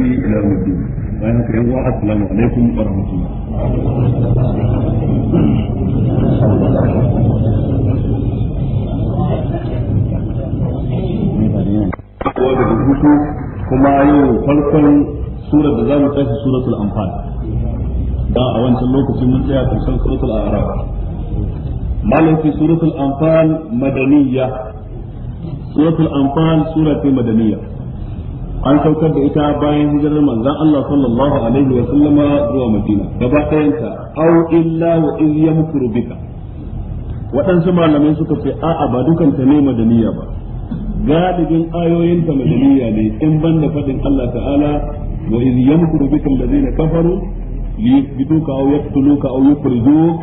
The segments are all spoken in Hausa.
hadihi ila wa rahmatullah kowa daga kuma yau farkon surar da za mu tashi suratul anfal da a wancan lokacin mun tsaya karshen suratul a'raf malam an saukar da ita bayan hijirar manzon Allah sallallahu alaihi wa sallama zuwa Madina gaba ɗayanta aw illa wa iz yamkuru bika waɗansu malamai suka ce a'a ba dukanta ne madaniya ba galibin ayoyinta madaniya ne in ban da faɗin Allah ta'ala wa iz yamkuru bika allazina kafaru liyuthbituka aw yaqtuluka aw yukhrijuka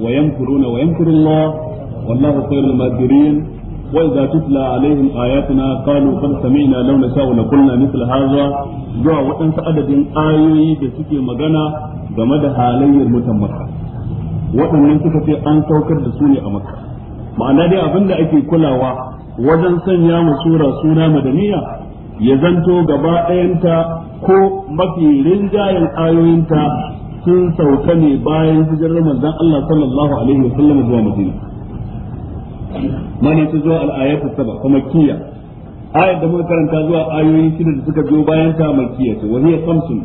wa yamkuruna wa yamkuru Allah wallahu khairul makirin وإذا تتلى عليهم آياتنا قالوا قد سمعنا لو نشاء لقلنا مثل هذا zuwa waɗansu adadin ayoyi da suke magana game da halayyar mutan makka waɗannan suka ce an saukar da su ne a makka ma'ana dai abin da ake kulawa wajen sanya mu sura suna madaniya ya zanto gaba ta ko mafi rinjayen ta sun sauka ne bayan hijirar manzon Allah sallallahu alaihi wasallam zuwa Madina mani ta zuwa al-ayatu sab'a kuma kiya Ayar da muka karanta zuwa ayoyi shida da suka biyo bayan ta makiya ce wa hiya khamsun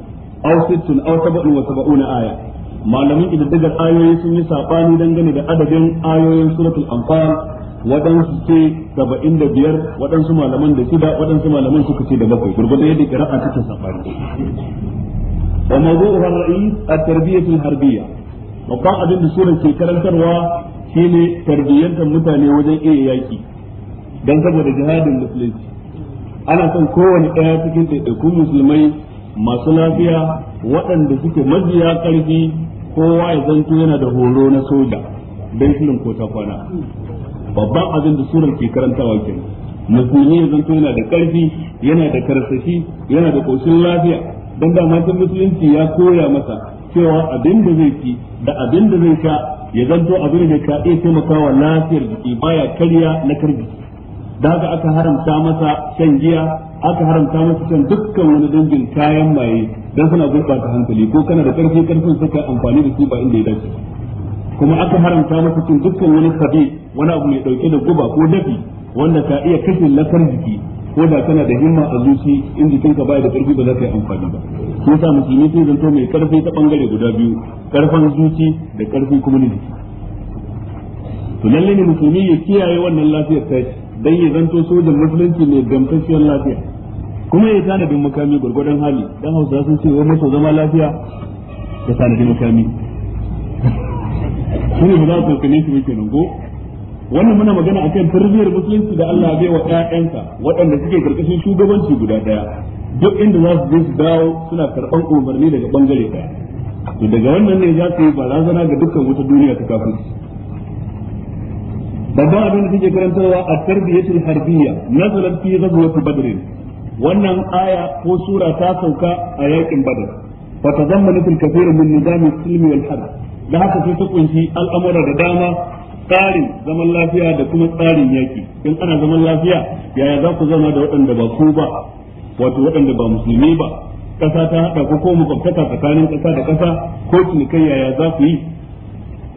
aw sittun aw sab'un wa sab'una ayar. malamin daga ayoyi sun yi sabani dangane da adadin ayoyin suratul amfani waɗansu ce saba'in da biyar waɗansu malaman da shida waɗansu malaman suka ce da bakwai gurgurda yadda kira'a take sabani wa mawdu'uha ar-ra'is at-tarbiyatu al-harbiyya babban abin da suran ke karantarwa shine tarbiyyantar mutane wajen iya yaki dan saboda jihadin musulunci ana son kowane ɗaya cikin ɗaiɗaikun musulmai masu lafiya waɗanda suke majiya ƙarfi kowa ya zanto yana da horo na soja don shirin ko ta kwana babban abin da surar ke karanta kenan musulmi ya zanto yana da ƙarfi yana da karsashi yana da ƙoshin lafiya don da musulunci ya koya masa cewa abin da zai ci da abin da zai sha ya zanto abin da ka iya taimakawa lafiyar jiki baya karya na karbi da aka haramta masa shan giya aka haramta masa shan dukkan wani dangin kayan maye dan suna gurɓata hankali ko kana da karfi karfin suka amfani da su ba inda ya dace kuma aka haramta masa cin dukkan wani kabe wani abu mai dauke da guba ko dafi wanda ka iya kashe lakar jiki ko da kana da himma a zuci in jikinka baya da karfi ba za ka yi amfani ba sun sa musulmi sun zanto mai karfi ta bangare guda biyu karfin zuci da karfi kuma na jiki to lalle ne musulmi ya kiyaye wannan lafiyar ta dan ya zanto sojan musulunci mai gamsasshiyar lafiya kuma ya bin makami gwargwadon hali dan hausa sun ce wa maso zama lafiya tana bin makami shine ba za ku kane shi ba kenan ko wannan muna magana akan tarbiyyar musulunci da Allah bai wa ƴaƴansa waɗanda suke karkashin shugabanci guda ɗaya duk inda za su je su dawo suna karɓar umarni daga bangare ɗaya to daga wannan ne za su yi barazana ga dukkan wata duniya ta kafirci babban abin da take karantarwa a tarbiyatul harbiyya nazalat fi ghazwat badr wannan aya ko sura ta sauka a yakin badar. fa tazammanat al min nizam al-silm wal harb da haka sai ta kunshi al'amura da dama tsarin zaman lafiya da kuma tsarin yaki in ana zaman lafiya yaya za ku zama da waɗanda ba ku ba wato waɗanda ba musulmi ba ƙasa ta haɗa ko ko makwabtaka tsakanin ƙasa da ƙasa ko cinikai yaya za ku yi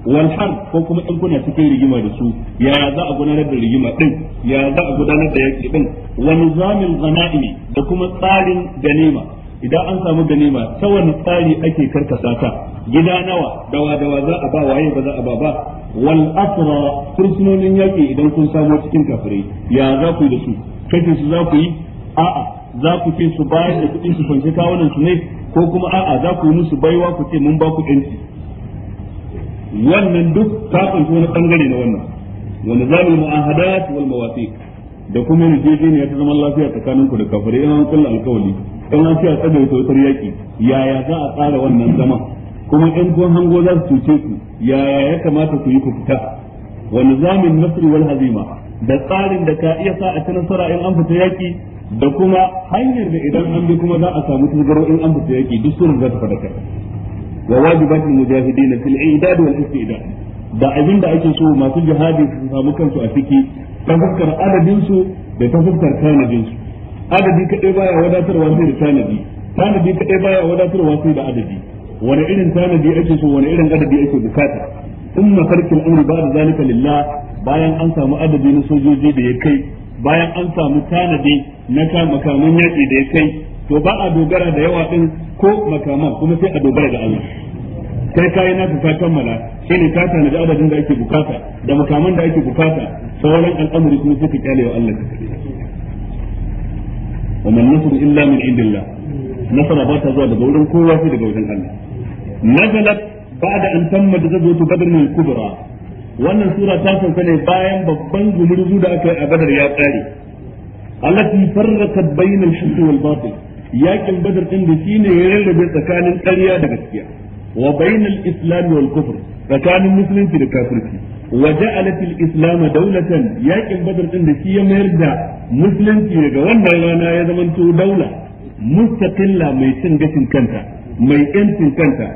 walhar ko kuma in kuna cikin rigima da su yaya za a gudanar da rigima din yaya za a gudanar da yaki ɗin wani zamin ne da kuma tsarin ganima idan an samu ganima ta wani tsari ake karkasa ta gida nawa dawa dawa za a ba waye ba za a ba ba wal asra fursunonin yaki idan kun samu cikin kafirai ya za ku yi da su kashe su za ku yi a'a za ku ce su bayar da kuɗi su fanshi kawunan su ne ko kuma a'a za ku yi musu baiwa ku ce mun ba ku wannan duk ta kunshi wani bangare na wannan wani zamu mu'ahadat wal mawafiq da kuma yarjejeniya ta zaman lafiya tsakanin ku da kafirai in an kulla alkawali in an ce a wutar yaƙi yaya za a tsara wannan zama kuma in kun hango za su cuce ku yaya ya kamata ku yi ku fita wani zamin nasri wal hazima da tsarin da ka iya sa a ci nasara in an fita yaƙi da kuma hanyar da idan an bi kuma za a samu tasgaro in an fita yaƙi duk sunan za ta faɗa wa wajibatul mujahidin fil i'dad wal istidad da abin da ake so masu jihadi su samu kansu a ciki ta fuskar adadinsu da ta fuskar su adadi kaɗai baya wadatarwa sai da tanadi tanadi kaɗai baya wadatarwa sai da adadi wani irin tanadi ake so wani irin adadi ake bukata in farkin umri ba da zalika lillah bayan an samu adadi na sojoji da ya kai bayan an samu tanadi na makaman yaƙi da ya kai to ba a dogara da yawa ɗin ko makaman kuma sai a dogara da Allah Sai ka yi naka ka kammala shi ne ka tanadi adadin da ake bukata da makaman da ake bukata sauran al'amuri kuma suka kyale wa Allah ka wa man nasru illa min indillah nasara ba ta zuwa daga wurin kowa sai daga wurin Allah nazalat ba'da an tamma da zabutu badr min kubra wannan sura ta sauka ne bayan babban gumurzu da aka yi a badar ya tsare allati farraqat bainal shirki wal batil yakin badar din da shine ya rarrabe tsakanin ƙarya da gaskiya wa bainal islam wal kufr tsakanin musulunci da kafirci waje ja'alat al islam dawlatan yakin badar din da shi ya mayar da musulunci daga wannan rana ya zamanto daula mustaqilla mai cin gashin kanta mai yancin kanta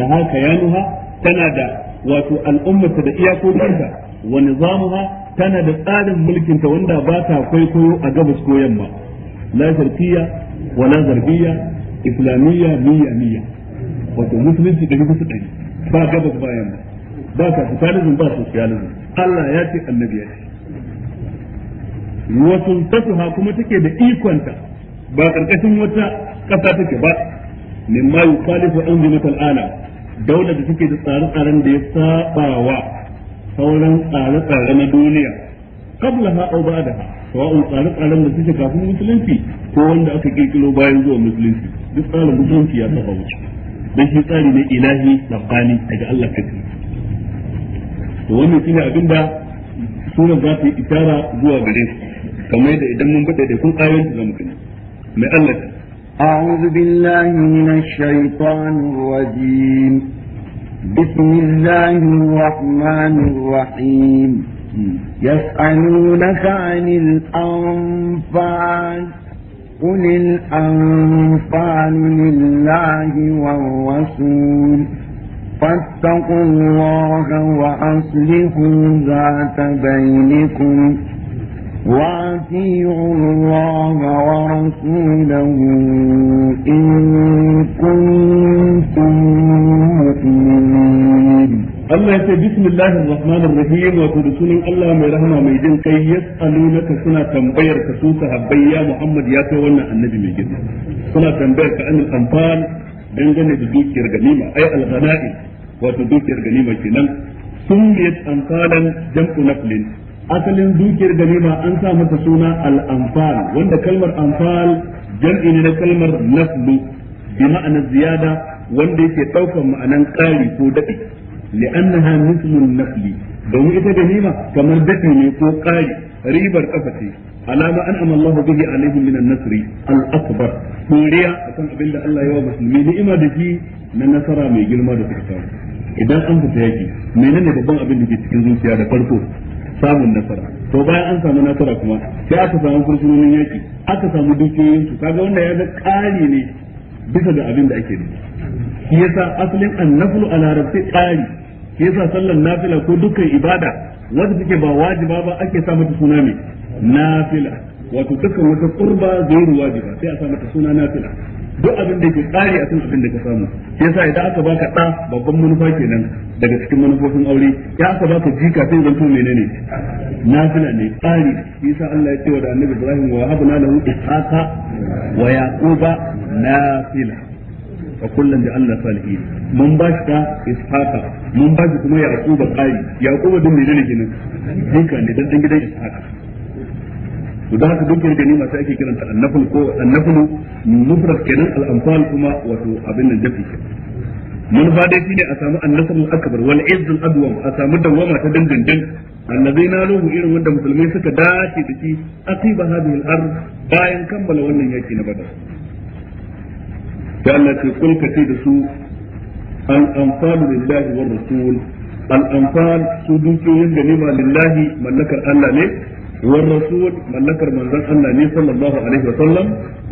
laha kayanuha tana da wato al'ummata da iyakokinta wani nizamuha tana da tsarin mulkinta wanda ba ta kwaikwayo a gabas ko yamma la sharqiyya wala zarbiya islamiyya miyamiyya wato musulunci ɗari bisa ɗari ba gabas ba yamma ba capitalism ba socialism Allah ya ce annabi ya ce wasu tasuha kuma take da ikonta ba karkashin wata ƙasa take ba ma yi mimma yukhalifu anzimat al'ana daular da take da tsare-tsaren da ya saba wa sauran tsare-tsare na duniya kabla ha qablaha aw ba'daha sawa'un tsare-tsaren da suke kafin musulunci ko wanda aka kirkiro bayan zuwa musulunci duk tsarin musulunci ya saba wuce dan shi tsari ne ilahi rabbani daga Allah kake to wannan ne abinda sunan za su yi isara zuwa gare su kamar yadda idan mun bude da kun ayoyin da zamu gani mai Allah ta أعوذ بالله من الشيطان الرجيم بسم الله الرحمن الرحيم يسألونك عن الأنفال قل الأنفال لله والرسول فاتقوا الله وأصلحوا ذات بينكم وأطيعوا الله ورسوله إن كنتم مؤمنين Allah ya ce bismillahir rahmanir rahim wato da sunan Allah mai rahama mai jin kai yas'alunaka suna tambayar ka su sahabbai ya Muhammad ya kai wannan annabi mai girma suna tambayar ka anil anfal dangane da dukiyar ganima ai al-ghana'i wato dukiyar ganima kenan sun anfalan jam'u naflin asalin dukiyar ganima an sa mata suna al-anfal wanda kalmar anfal jam'i ne na kalmar naflu bi ma'ana ziyada wanda yake daukan ma'anan kari ko dadi li'annaha mithlu an nafli. domin ita ganima kamar dake ne ko kari ribar kafa ce alama an amallahu bihi alaihim min an-nasri al-akbar doriya akan abin da Allah ya wa musulmi ni'ima da shi na nasara mai girma da suka idan an fita yaki menene babban abin da ke cikin zuciya da farko samun nasara to bayan an samu nasara kuma sai aka samu fursunonin yaki aka samu dukiyoyin su kaga ya ga kari ne bisa da abin da ake da shi yasa asalin annaflu a larabci tsari shi yasa sallan nafila ko dukkan ibada wanda take ba wajiba ba ake sa mata suna mai nafila wato dukkan wata qurba zairu wajiba sai a sa mata suna nafila duk abin da ke tsari a abin da ka samu shi yasa idan aka baka ɗa babban manufa kenan daga cikin manufofin aure ya aka baka jika sai zanto menene nafila ne tsari yasa Allah ya ce wa Annabi Ibrahim wa habna lahu ishaqa wa yaquba nafila wa kullun ja'alna salihin mun ba shi da ishaqa mun ba shi kuma yaquba qali yaquba din ne ne kenan duka ne dan gidan ishaqa to da haka dukkan gani masu ake kiranta annaful ko annaful mufrad kenan al kuma wato abin nan dafi manufa dai shine a samu annasar al-akbar wal izz al-adwam a samu dawama ta dindindin annabi na nuhu irin wanda musulmai suka dace da shi aqiba hadhihi al bayan kammala wannan yaki na bada. da Allah ce kul ka ce da su al anfalu lillahi war rasul al anfal su dukiyoyin ganima lillahi mallakar Allah ne war rasul mallakar manzon Allah ne sallallahu alaihi wa sallam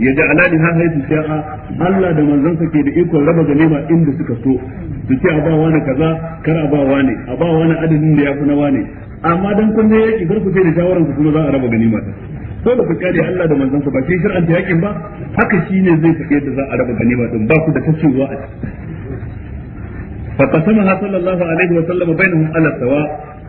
ya ja'ala ni ha haythu sha'a Allah da manzon sa ke da ikon raba ganima inda suka so su ce a ba wani kaza kar a ba wani a ba wani adadin da ya fi na wani amma dan kun ne yaki garku sai da shawaran ku kuma za a raba ganima ta dole ku kare Allah da manzon sa ba shi shar'an ta yakin ba haka shine zai faɗi yadda za a raba ganima din ba ku da kacewa a fa ha sallallahu alaihi wa sallam bainahum ala sawa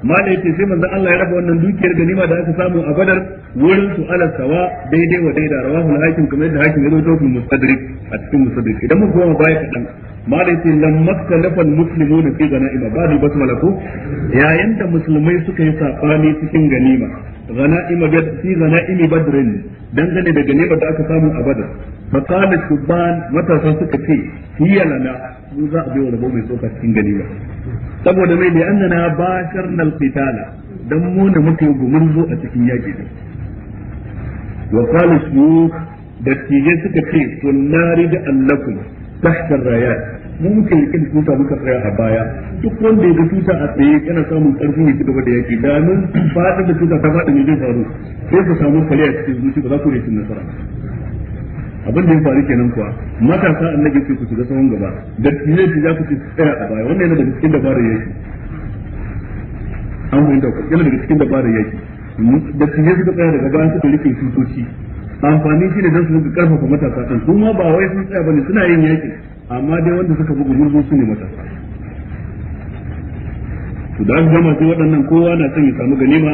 mala yace sai manzon Allah ya raba wannan dukiyar ganima da aka samu a Badar wurin su ala sawa daidai wa daida rawahul hakim kamar yadda hakim ya rawaito fi mustadrik a cikin mustadrik idan mun koma baya kadan mala yace lam makkalafa almuslimuna fi ganaima ba da basmala ko yayin da musulmai suka yi sabani cikin ganima غنائم بدر في غنائم بدر dangane da ganimar da aka samu a badar fa qala shubban matasa suka ce hiya lana mu za a bi rabo mai tsoka cikin ganima saboda mai da annana basharna alqitala dan mu ne muke gumurzo a cikin yaki din wa qala shuyukh da tije suka ce kullari da allakum tahta rayat mu muka yi kin tuta muka tsaya a baya duk wanda ya ga tuta a tsaye yana samun karfi ne gaba da yake da nan fadin da tuta ta fadi ne zai faru sai ka samu kare a cikin zuci ba za ku yi cin nasara abin da ya faru kenan kuwa matasa annabi ke ku shiga sahun gaba da ne ce za ku ci tsaya a baya wannan yana daga cikin dabarar yake an fahimta ku yana daga cikin dabarar yake da ne suka tsaya daga bayan suka rike tutoci amfani shi ne don su karfafa matasa kan su ma ba wai sun tsaya bane suna yin yakin amma dai wanda suka bugu gurgu su ne matasa su da zama sai waɗannan kowa na son ya samu ganima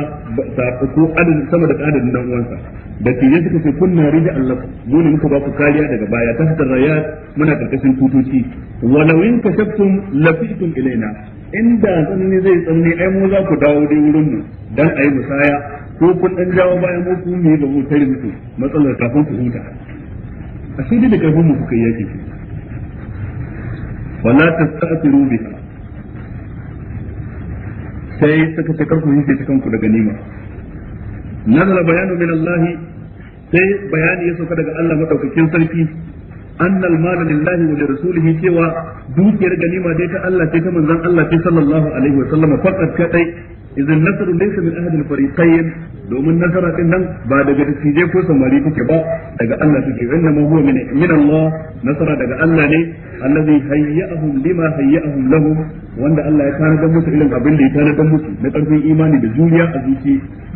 ko adadin sama da adadin dan uwansa da yi suka ce kunna rija Allah mu ne muka ba ku kariya daga baya ta hadar raya muna karkashin tutoci walawin ka kashaftum lafitum ilaina inda tsanani zai tsanani ai mu za ku dawo dai wurin mu dan ayi musaya ko kun dan jawo bayan mu ku ne da mu tare mutu. matsalar kafin ku huta a sai da karfin mu kuka yake wala tasta'tiru biha sai suka ce karku yi ta kanku daga nima nazala bayanu min Allah sai bayani ya sauka daga Allah madaukakin sarki annal mala lillahi wa lirasulihi cewa dukiyar ganima dai ta Allah ce ta manzon Allah ce sallallahu alaihi wa sallama faqat kadai idan nasaru laysa min ahadil fariqayn domin nasara din ba daga dattijai ko samari take ba daga Allah take inna ma huwa nasara daga Allah ne allazi hayya'ahum wanda Allah ya tana da musu irin abin da ya tana da musu na karfin imani da juriya a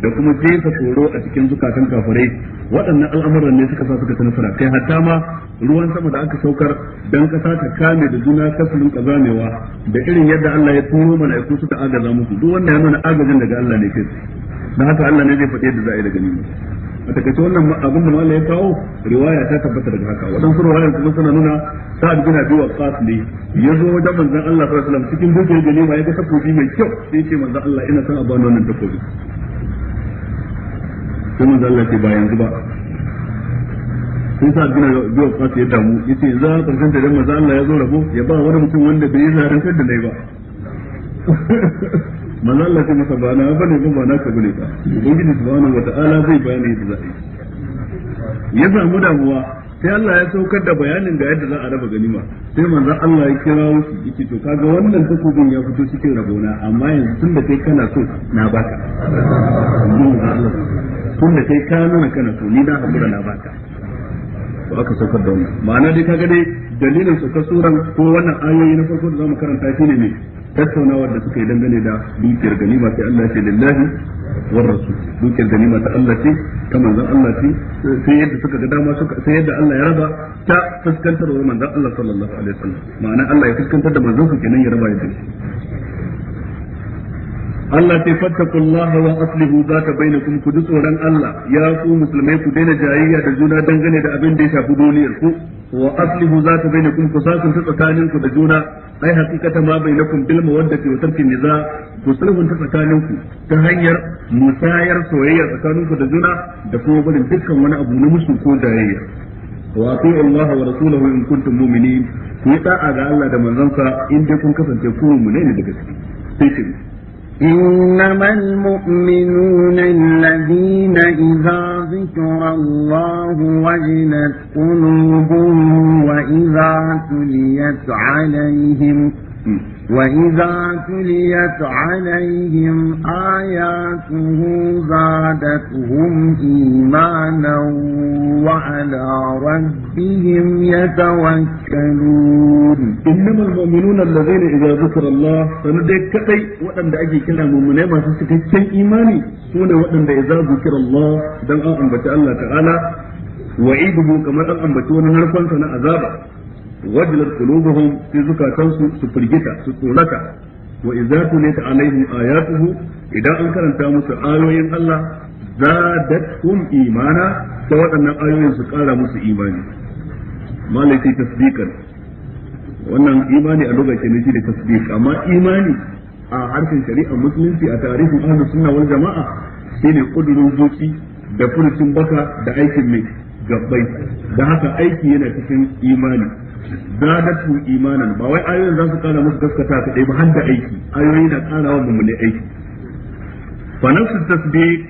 da kuma jefa tsoro a cikin zukatan kafirai waɗannan al'amuran ne suka sa suka ta nasara kai hatta ma ruwan sama da aka saukar dan kasa ta kame da juna kasulun kazamewa da irin yadda Allah ya turo mala'iku suka agaza musu duk wanda ya nuna agajin daga Allah ne kai dan haka Allah ne zai faɗi yadda za'a yi daga nima a takaice wannan abin da Allah ya kawo riwaya ta tabbata daga haka waɗansu riwayar kuma suna nuna sa'ad bin abi waqas ne ya zo wajen manzon Allah sallallahu alaihi wasallam cikin dukiyar ganima ya ga takobi mai kyau sai ya ce manzon Allah ina son a bani wannan takobi sai manzo Allah ce ba yanzu ba sai sa gina biyo kwasu ya damu yace za a karshen da dan manzo Allah ya zo rabo ya ba wani mutum wanda bai yi zaran kar da nayi ba manzo Allah ce masa ba na bane ba ba na ka bane ba ubangiji subhanahu wataala zai bayani yadda za a yi ya samu damuwa sai Allah ya saukar da bayanin da yadda za a raba ganima sai manzon Allah ya kira shi yake to kaga wannan takobin ya fito cikin rabona amma yanzu tun da kai kana so na baka tun da kai ka nuna kana so ni na hakura na baka to aka saukar da wannan ma'ana dai kaga dai dalilin saukar suran ko wannan ayoyi na farko da zamu karanta shi ne tattaunawar da suka yi dangane da dukiyar ganima sai Allah ce lillahi war rasul dukiyar ganima ta Allah ce ta manzon Allah ce sai yadda suka ga dama suka sai yadda Allah ya raba ta fuskantar wa manzon Allah sallallahu alaihi wasallam ma'ana Allah ya fuskantar da manzon sa kenan ya raba ya dace Allah ce fattakullaha wa aslihu zaka bainakum ku ji tsoron Allah ya ku musulmai ku daina jayayya da juna dangane da abin da ya shafi duniyar ku wa aslihu zaka bainakum ku sakunta tsakaninku da juna ai hakikata ma bainakum wanda ke wa tarkin niza ku tsakanin ku ta hanyar musayar soyayya tsakanin ku da juna da kuma barin dukkan wani abu na musu ko jayayya wa ati'u Allah wa rasulahu in kuntum mu'minin ku ta'a ga Allah da manzansa in dai kun kasance ku mu'mini da gaske sai إنما المؤمنون الذين إذا ذكر الله وجلت قلوبهم وإذا تليت عليهم ۖ وإذا تليت عليهم آياته زادتهم إيمانا وعلى ربهم يتوكلون إنما المؤمنون الذين إذا ذكر الله فندك كتي وأن دعجي كلا مؤمنين ما سيكتشن إيماني سونا وأن إذا ذكر الله دماء أنبت الله تعالى وعيده كما أنبتون هرفا سنة عذابا wajilat qulubuhum fi zukatansu su firgita su tsolaka wa idza tulita alaihim ayatuhu idan an karanta musu ayoyin Allah zadatkum imana sai waɗannan ayoyin su ƙara musu imani malaki tasdiqan wannan imani a lokacin ne shi da tasdiq amma imani a harkar shari'a musulunci a tarihin ahlus sunna wal jama'a shine kudurin zuci da furucin baka da aikin mai gabbai da haka aiki yana cikin imani zadatu imanan ba wai ayoyin za su kara musu gaskata su ɗai ba har da aiki ayoyi na kara wa mu ne aiki fa nafsu tasbiq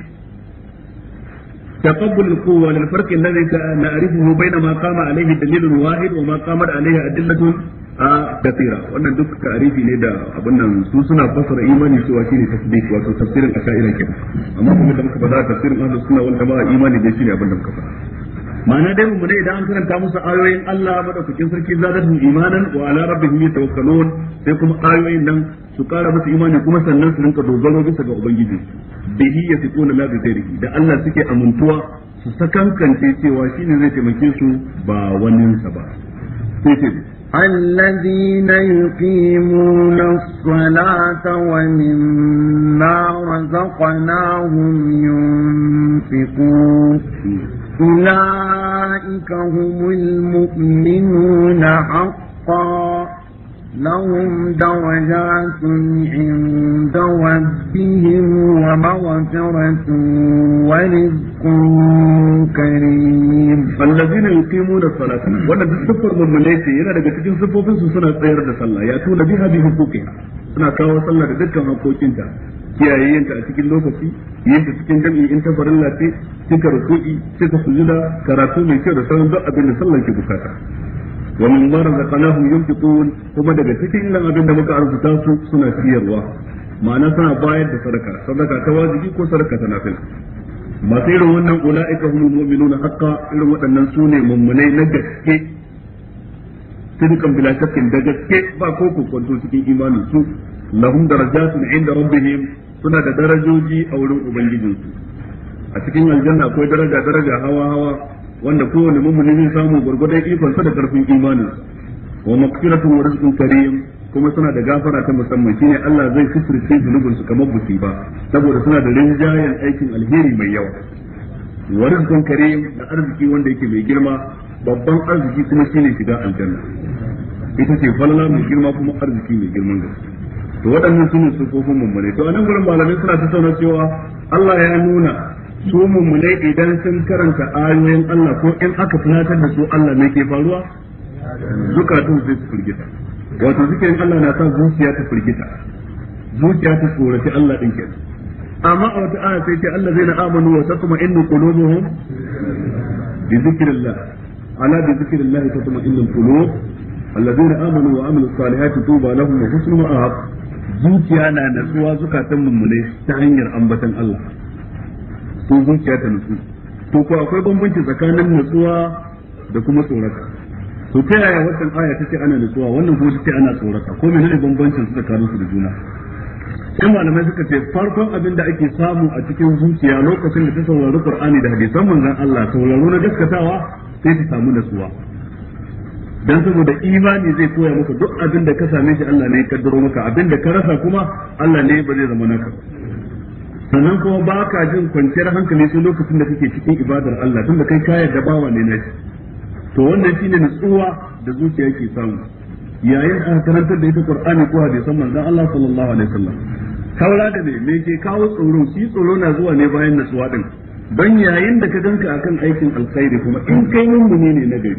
taqabbul quwwa lil farq alladhi na'rifuhu bayna ma qama alayhi dalil wahid wa ma qamat a adillatu a kathira wannan duk ta'rifi ne da abin nan su suna fasara imani su wa shine tasbiq wato tafsirin asha'ira kenan amma kuma da muka fada tafsirin ahlus sunna wal jama'a imani dai shine abin da muka fada ma'ana dai mu ne idan an karanta musu ayoyin Allah madaukakin sarki zadatuhum imanan wa ala rabbihim yatawakkalun sai kuma ayoyin nan su kara musu imani kuma sannan su rinka dogaro bisa ga ubangiji bihi yasiquna la ghairihi da Allah suke amintuwa su sakankance cewa shine zai taimake su ba sa ba sai ce الذين يقيمون الصلاة ومما رزقناهم ينفقون أولئك هم المؤمنون حقا لهم درجات عند ربهم ومغفرة ورزق كريم الذين يقيمون الصلاة وانا بسفر من مليسي ينا لك تجن سفوفين سنة سيرد الصلاة يأتون بها بحقوقها suna kawo sallah da dukkan hakokinta kiyaye yanta a cikin lokaci yanta cikin jami'i in ta farin ce cika ruku'i cika sujuda karatu mai kyau da sauran duk abin da sallar ke bukata wa min ma razaqnahum yunfiqun kuma daga cikin nan abin da muka arzuta su suna siyarwa ma'ana suna bayar da sadaka sadaka ta wajibi ko sadaka ta nafila masu irin wannan ula'ika humul mu'minuna haqqa irin waɗannan sune mummunai na gaske sidikan bila shakkin da gaske ba ko kwanto cikin imanin su lahum darajatun inda rabbihim suna da darajoji a wurin su a cikin aljanna akwai daraja daraja hawa hawa wanda kowane mumuni zai samu gurgurdan sa da karfin imanin wa maghfiratun wa rizqun karim kuma suna da gafara ta musamman shine Allah zai fitirce zunubin su kamar busi ba saboda suna da rinjayen aikin alheri mai yawa wa rizqun karim da arziki wanda yake mai girma babban arziki kuma shine shiga aljanna ita ce falala mai girma kuma arziki mai girman gaske to waɗannan su ne sufofin mummune to anan gurin malamai suna ta sauna cewa Allah ya nuna su mummune idan sun karanta ayoyin Allah ko in aka tunatar da su Allah ne ke faruwa zukatun sai su firgita wato zikirin Allah na sa zuciya ta firgita zuciya ta tsoraci Allah din kenan amma a wata aya sai ce Allah zai na amanu wa sakuma innu qulubuhum bi zikrillah ala bi zikrillahi tatma'innul qulub alladheena amanu wa amilus salihati tuba lahum wa husnu ma'ab zuciya na natsuwa zukatan mummune ta hanyar ambatan Allah to zuciya ta nutsu to ko akwai bambanci tsakanin natsuwa da kuma tsoraka to ta yaya wannan aya tace ana natsuwa wannan kuma tace ana tsoraka ko menene su su da juna malamai suka ce farkon abin da ake samu a cikin zuciya lokacin da ta saurari Qur'ani da hadisan manzon Allah sauraro na gaskatawa sai ta samu nasuwa dan saboda imani zai koya maka duk abin da ka same shi Allah ne ya kaddaro maka abin da ka rasa kuma Allah ne ba zai zama naka sannan kuma ba ka jin kwanciyar hankali sai lokacin da kake cikin ibadar Allah tunda kai ka yarda bawa ne na to wannan shine nutsuwa da zuciya ke samu yayin a karantar da ita Qur'ani ko hadisan manzon Allah sallallahu alaihi wasallam kaura da me me ke kawo tsoro shi tsoro na zuwa ne bayan nutsuwa din don yayin da ka ganka akan aikin alkhairi kuma in kai mummuni ne na gari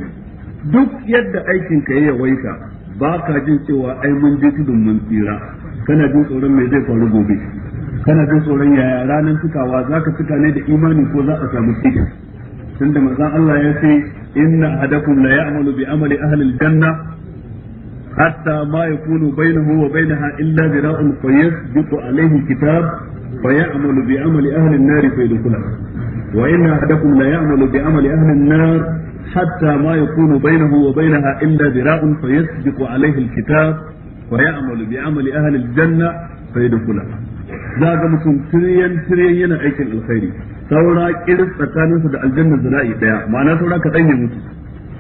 duk yadda aikin ka ya yawaita ba ka jin cewa ai mun je tudun mun tsira kana jin tsoron me zai faru gobe kana jin tsoron yaya ranar fitawa za ka fita ne da imani ko za a samu cikin tunda manzon Allah ya ce inna ahadakum la ya'malu bi amali ahli al-janna حتى ما يكون بينه وبينها kitab ذراع فيسبق عليه كتاب فيعمل بعمل أهل النار فيدخلها wa inna ahadakum la ya'malu bi amali ahli an-nar hatta ma yakunu bainahu wa bainaha illa zira'un fayasbiqu alayhi al-kitab wa ya'malu bi amali janna za ga mutum tiriyan tiriyan yana aikin alkhairi saura kirin tsakaninsu da aljanna zira'i daya ma'ana saura kaɗan ya mutu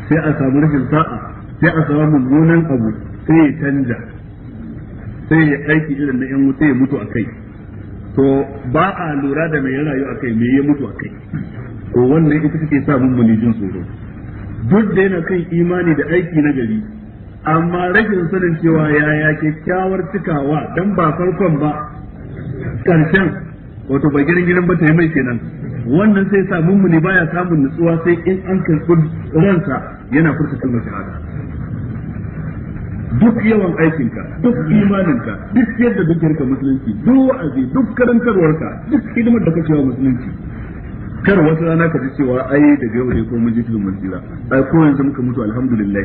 sai a samu rashin sa'a sai a samu mummunan abu sai ya canja sai ya aiki irin na yan wuta ya mutu a kai to ba a lura da mai rayu a kai mai ya mutu a kai Ko wannan ita take sa mun muni jin tsoro duk da yana kan imani da aiki na gari amma rashin sanin cewa yaya kyakkyawar cikawa dan ba farkon ba karshen wato ba girin ba ta yi mai kenan wannan sai sa mun muni baya samun nutsuwa sai in an karɓi ransa yana furta kalmar shahada duk yawan aikinka duk imaninka duk yadda dukiyarka musulunci duk wa'azi duk karantarwarka duk hidimar da kake a musulunci kar wata rana ka ji cewa ai daga yau ne ko mun ji tudun mun tsira ko yanzu muka mutu alhamdulillah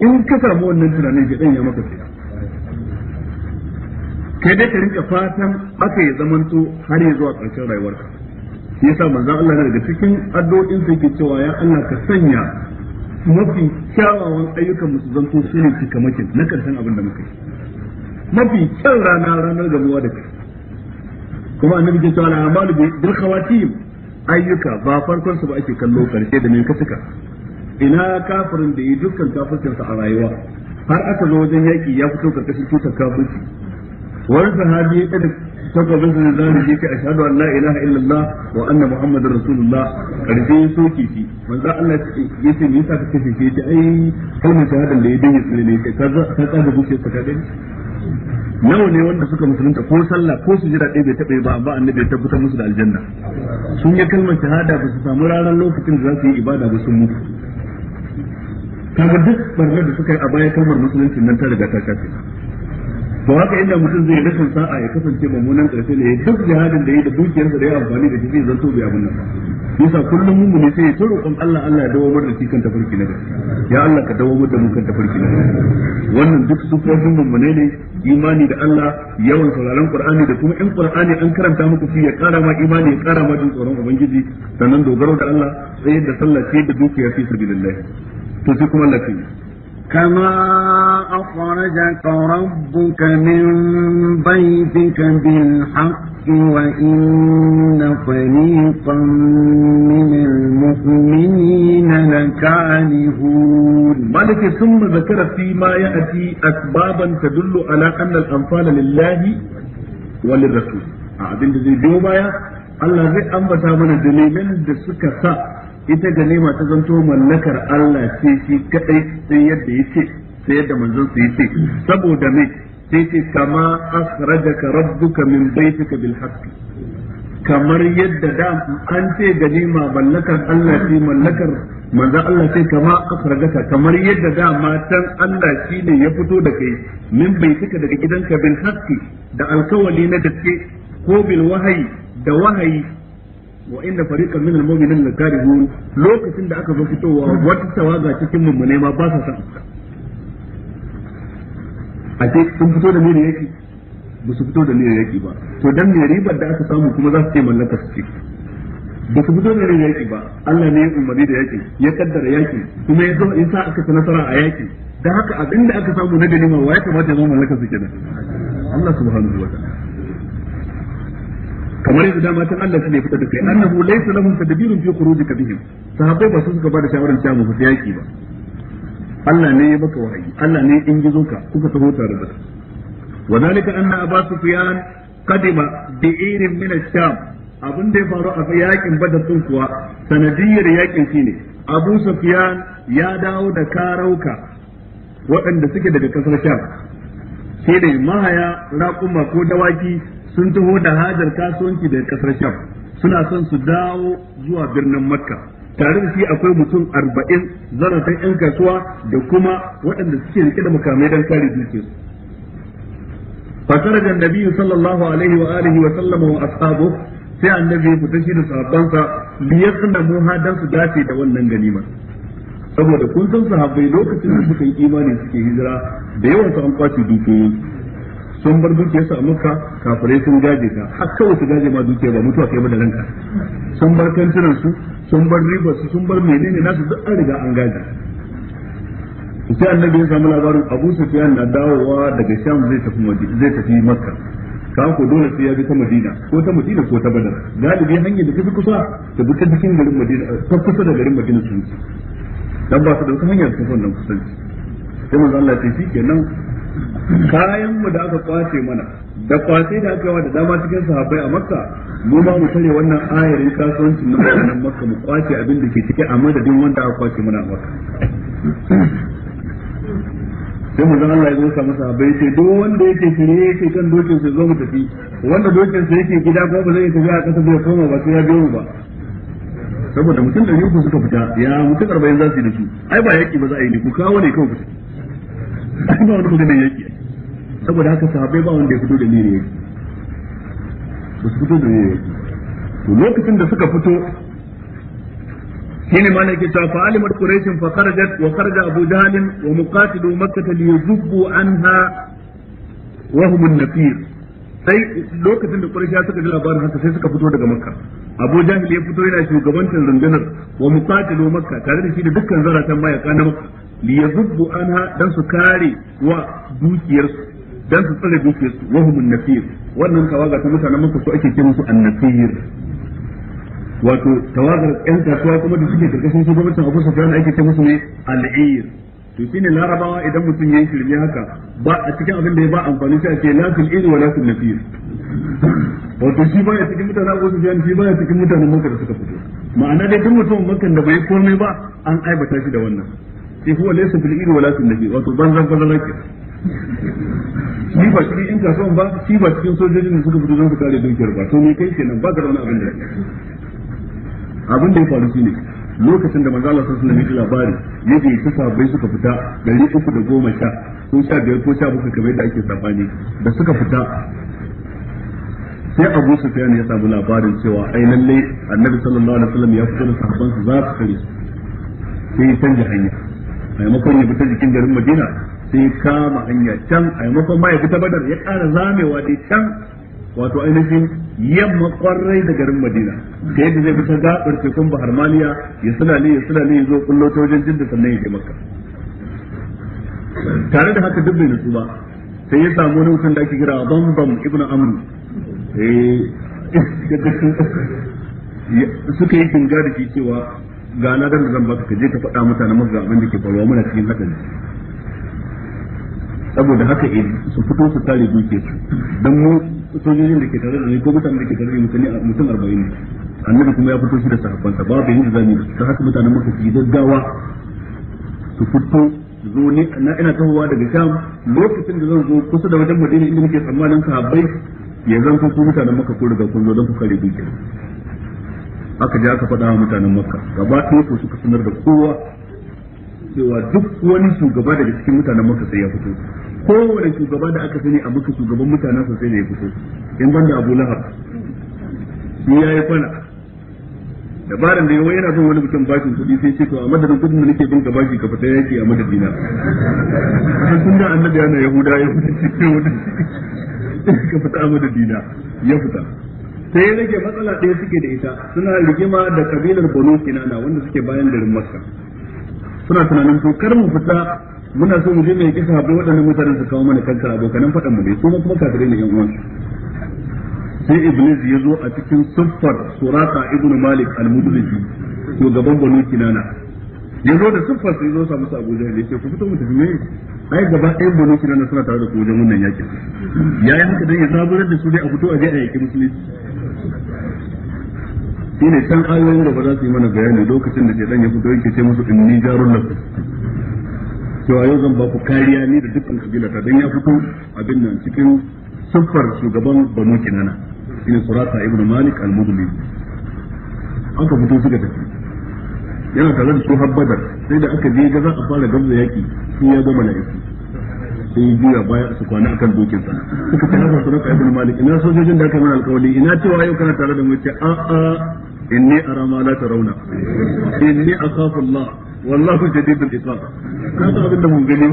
in ka samu wannan tunanin ga dan maka tsira kai dai ka rinka fatan aka ya zamanto har ya zuwa ƙarshen rayuwarka yasa manzon Allah na daga cikin addu'o'in sa yake cewa ya Allah ka sanya mafi kyawawan ayyukan musu zanto su ne cikamakin na karshen abin da muka yi mafi kyan rana ranar gamuwa da kai kuma annabi ke cewa amma da khawatim ayyuka ba farkon su ba ake kallo karshe da me ka ina kafirin da yi dukkan kafirkinsa a rayuwa har aka zo wajen yaƙi ya fito karkashin tutar kafirci wani sahabi ya takobin sa zan ji kai ashhadu an la ilaha illallah wa anna muhammadar rasulullah karfe ya soke shi manzo Allah ya ce me yasa ka kace shi ce ai kalmar shahadan da ya dinga tsire ne ka ka tsaga buke ka ka gani nawa ne wanda suka musulunta ko sallah ko su jira ɗaya bai taɓa ba amma annabi ya tabbatar musu da aljanna sun yi kalmar shahada ba su samu ranar lokacin da za su yi ibada ba sun mutu kaga duk barnar da suka yi a baya kalmar musulunci nan ta riga ta kafe ba haka inda mutum zai rashin sa'a ya kasance mummunan karshe ne duk jihadin da yi da dukiyarsa da ya amfani da shi zai zanto bai abin nan yasa kullum mun ne sai ya tsoro kan Allah Allah ya dawo da shi kan tafarki na gaskiya ya Allah ka dawo da mu kan tafarki na gaskiya wannan duk sufofin mummu ne ne imani da Allah yawan sauraron Qur'ani da kuma in Qur'ani an karanta muku shi ya ƙara ma imani ya ƙara ma jin tsoron ubangiji sannan dogaro da Allah sai da sallah ce da dukiya fi sabilillah to sai kuma lafiya كما أخرجك ربك من بيتك بالحق وإن فريقا من المؤمنين لكارهون مالك ثم ذكر فيما يأتي أسبابا تدل على أن الأنفال لله وللرسول أعدل ذي بيوبايا Allah zai ambata mana dalilan da suka sa ita ganima ta zanto mallakar Allah ce shi kadai sai yadda yake sai yadda manzon sa yake saboda me sai ce kama akhrajaka rabbuka min baitika bil haqq kamar yadda da an ce ganima mallakar Allah ce mallakar manzon Allah ce kama akhrajaka kamar yadda da matan Allah shi ne ya fito da kai min baitika daga gidanka bil haqq da alkawali na gaske ko bil wahayi da wahayi wa inna fariqan minal mu'minin lakarihun lokacin da aka zo fitowa wata tawaga cikin mummune ma ba sa san a ce sun fito da mene yake ba su fito da niyyar yaki ba to dan me ribar da aka samu kuma za su ce mallaka su ce ba su fito da niyyar yaki ba Allah ne ya umari da yaki ya kaddara yaki kuma ya zo in sa aka ci nasara a yaki dan haka abinda aka samu na ganima wa ya kamata ya zama mallaka su kenan Allah subhanahu wa ta'ala kamar yadda dama tun Allah shi ne fitar da kai annahu laysa lahum tadbirun fi khurujika bihim sahabbai ba su suka bada shawaran cewa mu fita yaki ba Allah ne ya baka wahayi Allah ne in gizo ka kuka taho tare da wadalika anna abu sufyan qadima bi irin min ash-sham abin da ya faru a yakin badar sun kuwa sanadiyar yakin shine abu sufyan ya dawo da karauka waɗanda suke daga kasar sham sai dai mahaya raƙuma ko dawaki sun taho da hajar kasuwanci daga kasar sham suna son su dawo zuwa birnin makka tare da shi akwai mutum arba'in zaratan yan kasuwa da kuma waɗanda suke rike da makamai dan kare dukiyar su fasarajan annabi sallallahu alaihi wa alihi wa sallama wa ashabu sai annabi ya fita shi da sahabbansa liyasna muha dan su dace da wannan ganimar saboda kun san sahabbai lokacin da suka yi imani suke hijira da yawan su an kwace dukiyoyin sun bar dukiyarsu a makka kafirai sun gaje ka har kawai su gaje ma dukiya ba mutuwa kai ba da ranka sun bar kantinan su sun bar ribar su sun bar menene nasu duk an riga an gaje sai annabi ya samu labarin Abu Sufyan na dawowa daga Sham zai tafi zai tafi makka ka ku dole sai ya bi ta Madina ko ta Madina ko ta Badar galibi hanyar da kafi kusa ta bi ta cikin garin Madina ta kusa da garin Madina su dan ba su da wata hanyar ta wannan kusanci sai manzo Allah ya ce shikenan Kayanmu da aka kwace mana da kwace da aka yawa da dama cikin sahabbai a makka mu ma mu tare wannan ayarin kasuwancin na wannan makka mu kwace abin da ke ciki a madadin wanda aka kwace mana a makka sai mu zan Allah ya zo samu sahabbai sai duk wanda yake shirye yake kan dokin sai zo mu tafi wanda dokin sai yake gida ko ba zai yi tafiya a kasa bai koma ba sai ya biyo mu ba saboda mutum da ku suka fita ya mutum arba'in za su yi da su ai ba yaki ba za a yi ne ku kawo ne kawai ku ba wani magana yaki saboda haka sahabbai ba wanda ya fito da ne ne ba su fito da ne yaki to lokacin da suka fito shine ma nake ta, fa alimat quraishin fa kharajat wa kharaja abu jahl wa muqatilu makkah li yuzbu anha wa hum an-nafir sai lokacin da quraisha suka ji labarin haka sai suka fito daga makka abu jahl ya fito yana shugabantar rundunar wa muqatilu makka tare da shi da dukkan zaratan mayaka na makka li yazuddu anha dan su kare wa dukiyarsu dan su tsare dukiyarsu wa humun nafir wannan tawaga ta mutanen maka su ake kiransu annafir wato tawagar yan kasuwa kuma da suke karkashin su gwamnatin Abu fara ake kiransu musu ne al'ir to ne larabawa idan mutum yi shirme haka ba a cikin abin da ya ba amfani sai ake la fil ir wa la nafir wato shi baya cikin mutanen Abu Sufyan shi baya cikin mutanen Makka da suka fito ma'ana dai duk mutum Makka da bai komai ba an aibata shi da wannan sai huwa laysa bil ilmi wala fil nabi wato banzan banzan rake shi ba shi in son ba shi ba cikin sojojin da suka fito don su kare dukiyar ba to me kai kenan ba ga da wani abin da abin da ya faru shine lokacin da manzo Allah sallallahu alaihi wasallam labari yaje ta sabai suka fita dari uku da goma sha ko sha biyar ko sha bakwai kamar yadda ake sabani da suka fita sai Abu Sufyan ya samu labarin cewa ai lalle Annabi sallallahu alaihi wasallam ya fito da sahabban su za su kare sai ya canja hanya maimakon ya fita jikin garin madina sai kama hanya can a maimakon ma ya fita badar ya kara zamewa dai can wato ainihin yamma kwarai da garin madina ta yadda zai fita gaɓar tekun bahar maliya ya suna ne ya suna ne ya zo kullo ta wajen jinda sannan ya je makka tare da haka duk bai nutsu ba sai ya samu wani mutum da ake kira bambam ibnu amru eh, suka yi kinga da shi cewa ga na dan zan baka je ka faɗa mutane masu ga abin da ke faruwa muna cikin hakan saboda haka eh, su fito su tare duke su dan mu sojojin da ke tare da ni ko mutanen da ke tare da mutane mutum 40 ne annabi kuma ya fito shi da sahabbansa babu yanda zamu yi ta haka mutanen masu ji gaggawa su fito zo ne na ina tahowa daga sham lokacin da zan zo kusa da wajen madina inda muke tsammanin sahabbai ya zan ku mutanen maka ko daga kun zo don ku kare duke aka je aka faɗa wa mutanen makka gaba ɗaya ko suka sanar da kowa cewa duk wani shugaba daga cikin mutanen makka sai ya fito kowane shugaba da aka sani a maka shugaban mutanen sa sai da ya fito in banda abu lahab shi ya yi kwana dabaran da yawa yana son wani bikin bashin kuɗi sai ce to a madadin kudin da nake bin ka bashi ka fita yaki a madadina sai kun da annabi yana yahuda ya fita ka fita a madadina ya fita sai ya rage matsala ɗaya suke da ita suna rigima da kabilar banu kinana wanda suke bayan garin makka suna tunanin to kar mu fita muna so mu je mai kisa haɗu waɗannan mutanen su kawo mana kansa abokanan faɗan mu ne su kuma kafirai ne yan uwan sai iblis ya zo a cikin siffar surata ibnu malik al-mudriji shugaban banu kinana ya zo da siffar sai zo samu abu jahil ya ce ku fito mu tafi ne ai gaba ɗayan banu kinana suna tare da ku wajen wannan yakin ya haka dai ya zaburar da su dai a fito a je a yake musulunci shine can ayoyin da ba za su yi mana bayani lokacin da dan ya fito yake ce musu in ni jarun lafi to a yau zan ba ku kariya ni da dukkan kabila ta dan ya fito abin nan cikin siffar shugaban Banu Kinana shine Surata ibn Malik al-Mudlim aka fito suka tafi yana tare da su habbadar sai da aka je ga za a fara gabza yaki shi ya ga mala'iku sai ya juya baya su kwana akan dokin sa suka ce haka sunan ibn malik ina sojojin da aka mana alƙawari ina cewa yau kana tare da mu ce a a إني أرى ما لا ترون إني أخاف الله والله جديد iqab ka أبدا من da mun gani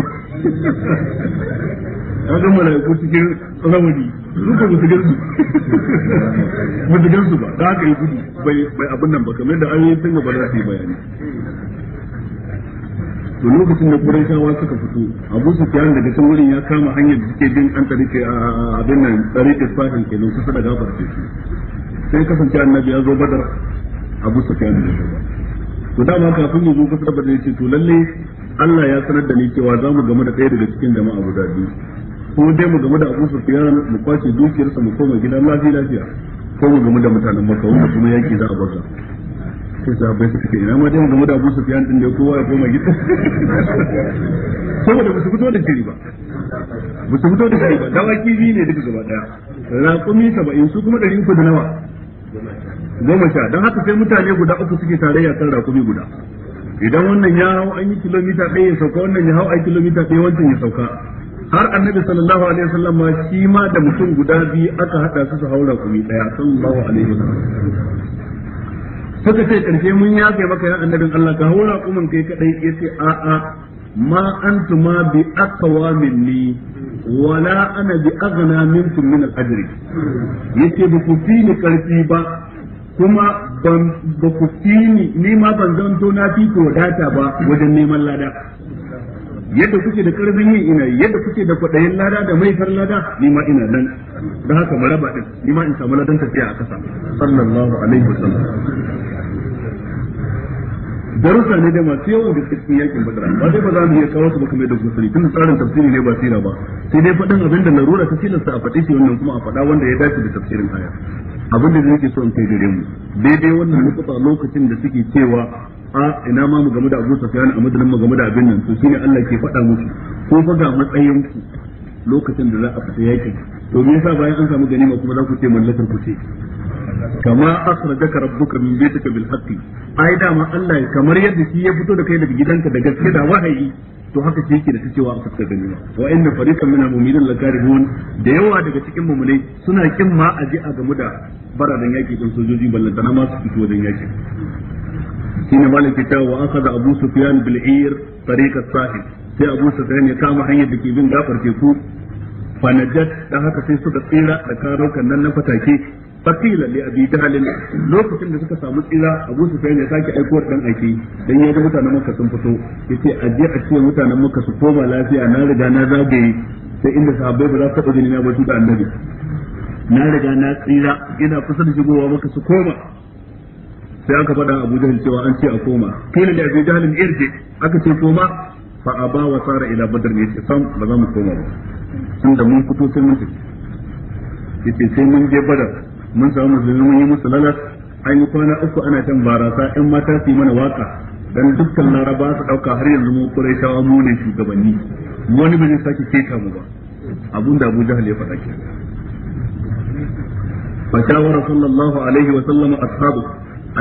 kaga malaiku cikin tsamani duka musu gansu musu gansu ba da haka yi bai bai abin nan ba ba to lokacin da Qurayshawa suka fito Abu Sufyan daga can wurin ya kama hanyar da suke bin an tsarike a abin nan tsarike sahin kenan kusa da gabar teku sai kasance annabi ya zo badar abu sufyan da shi to dama kafin ya zo kusa badar ya ce to lalle Allah ya sanar da ni cewa za mu game da ɗaya daga cikin jama'a guda biyu ko dai mu game da abu sufyan mu kwace dukiyarsa mu koma gidan lafiya lafiya ko mu game da mutanen maka wanda kuma yaki za a baka sai bai su ce ina ma dai mu game da abu sufyan din da kowa ya koma gida saboda ba su fito da shiri ba ba su fito da shiri ba dawaki biyu ne duka gaba ɗaya. raƙumi saba'in su kuma ɗari uku da nawa goma sha don haka sai mutane guda uku suke tarayya kan rakumi guda idan wannan ya hau an yi kilomita ɗaya ya sauka wannan ya hau a kilomita ɗaya wancan ya sauka har annabi sallallahu alaihi wasallam ma shi ma da mutum guda biyu aka hada su su haura rakumi ɗaya sallallahu alaihi wasallam suka ce karshe mun kai maka ya annabin Allah ka haura kumin kai kadai yace a a ma antuma bi aqwa minni wala ana bi aghna minkum min al-ajri yace ba ku fi ni karfi ba kuma ban ba ku ni ni ma ban zanto na fi ko data ba wajen neman lada yadda kuke da karfin yin ina yadda kuke da kwadayin lada da mai far lada ni ma ina nan da haka maraba din ni ma in samu ladan tafiya a kasa sallallahu alaihi wasallam darussa ne da masu yawan da cikin yakin badara ba dai ba za mu iya kawo su kuma kamar da gusuri tun tsarin tafsiri ne ba sira ba sai dai faɗin abin da larura ta tilasta a faɗi shi wannan kuma a faɗa wanda ya dace da tafsirin aya abin da zai ke so in kai gare mu daidai wannan lokuta lokacin da suke cewa a ina ma mu game da Abu Sufyan a nan mu game da abin nan to shine Allah ke faɗa musu ko fa ga matsayin ku lokacin da za a fita yaki to me yasa bayan an samu ganima kuma za ku ce mallakar ku ce kama asrajaka rabbuka min baitika bil haqqi ai ma Allah kamar yadda shi ya fito da kai daga gidanka da gaske da wahayi to haka shi yake da ta cewa a fuskar gani wa inna fariqan min al-mu'minin da yawa daga cikin mu'minai suna kin ma aje a gamu da baradan yaki din sojoji ballantana ma su fito wajen yaki shine malik ta wa akhadha abu sufyan bil ir tariqa sahib sai abu sufyan ya kama hanyar da ke bin gafar teku fanajat dan haka sai suka tsira da karokan nan na fatake fakila li abi jahalin lokacin da suka samu tsira abu su sai ya sake aiko dan aiki dan ya ga mutanen makka sun fito yace a je a ce mutanen makka su koma lafiya na riga na zagaye sai inda sahabbai ba za su taɓa gani na ba su da annabi na riga na tsira ina kusa da shigowa maka su koma sai aka faɗa abu jahil cewa an ce a koma kila da abi jahalin irje aka ce koma fa aba wa sara ila badr ne ce sam ba za mu koma ba tunda mun fito sai mun tafi yace sai mun je badar mun samu musulmi mun yi musu lalas an yi kwana uku ana can barasa yan mata su yi mana waka dan dukkan laraba su dauka har yanzu mu quraishawa mu ne shugabanni wani bai sake keta mu ba abun da Abu Jahal ya faɗa ke fa shawara sallallahu alaihi wa sallam ashabu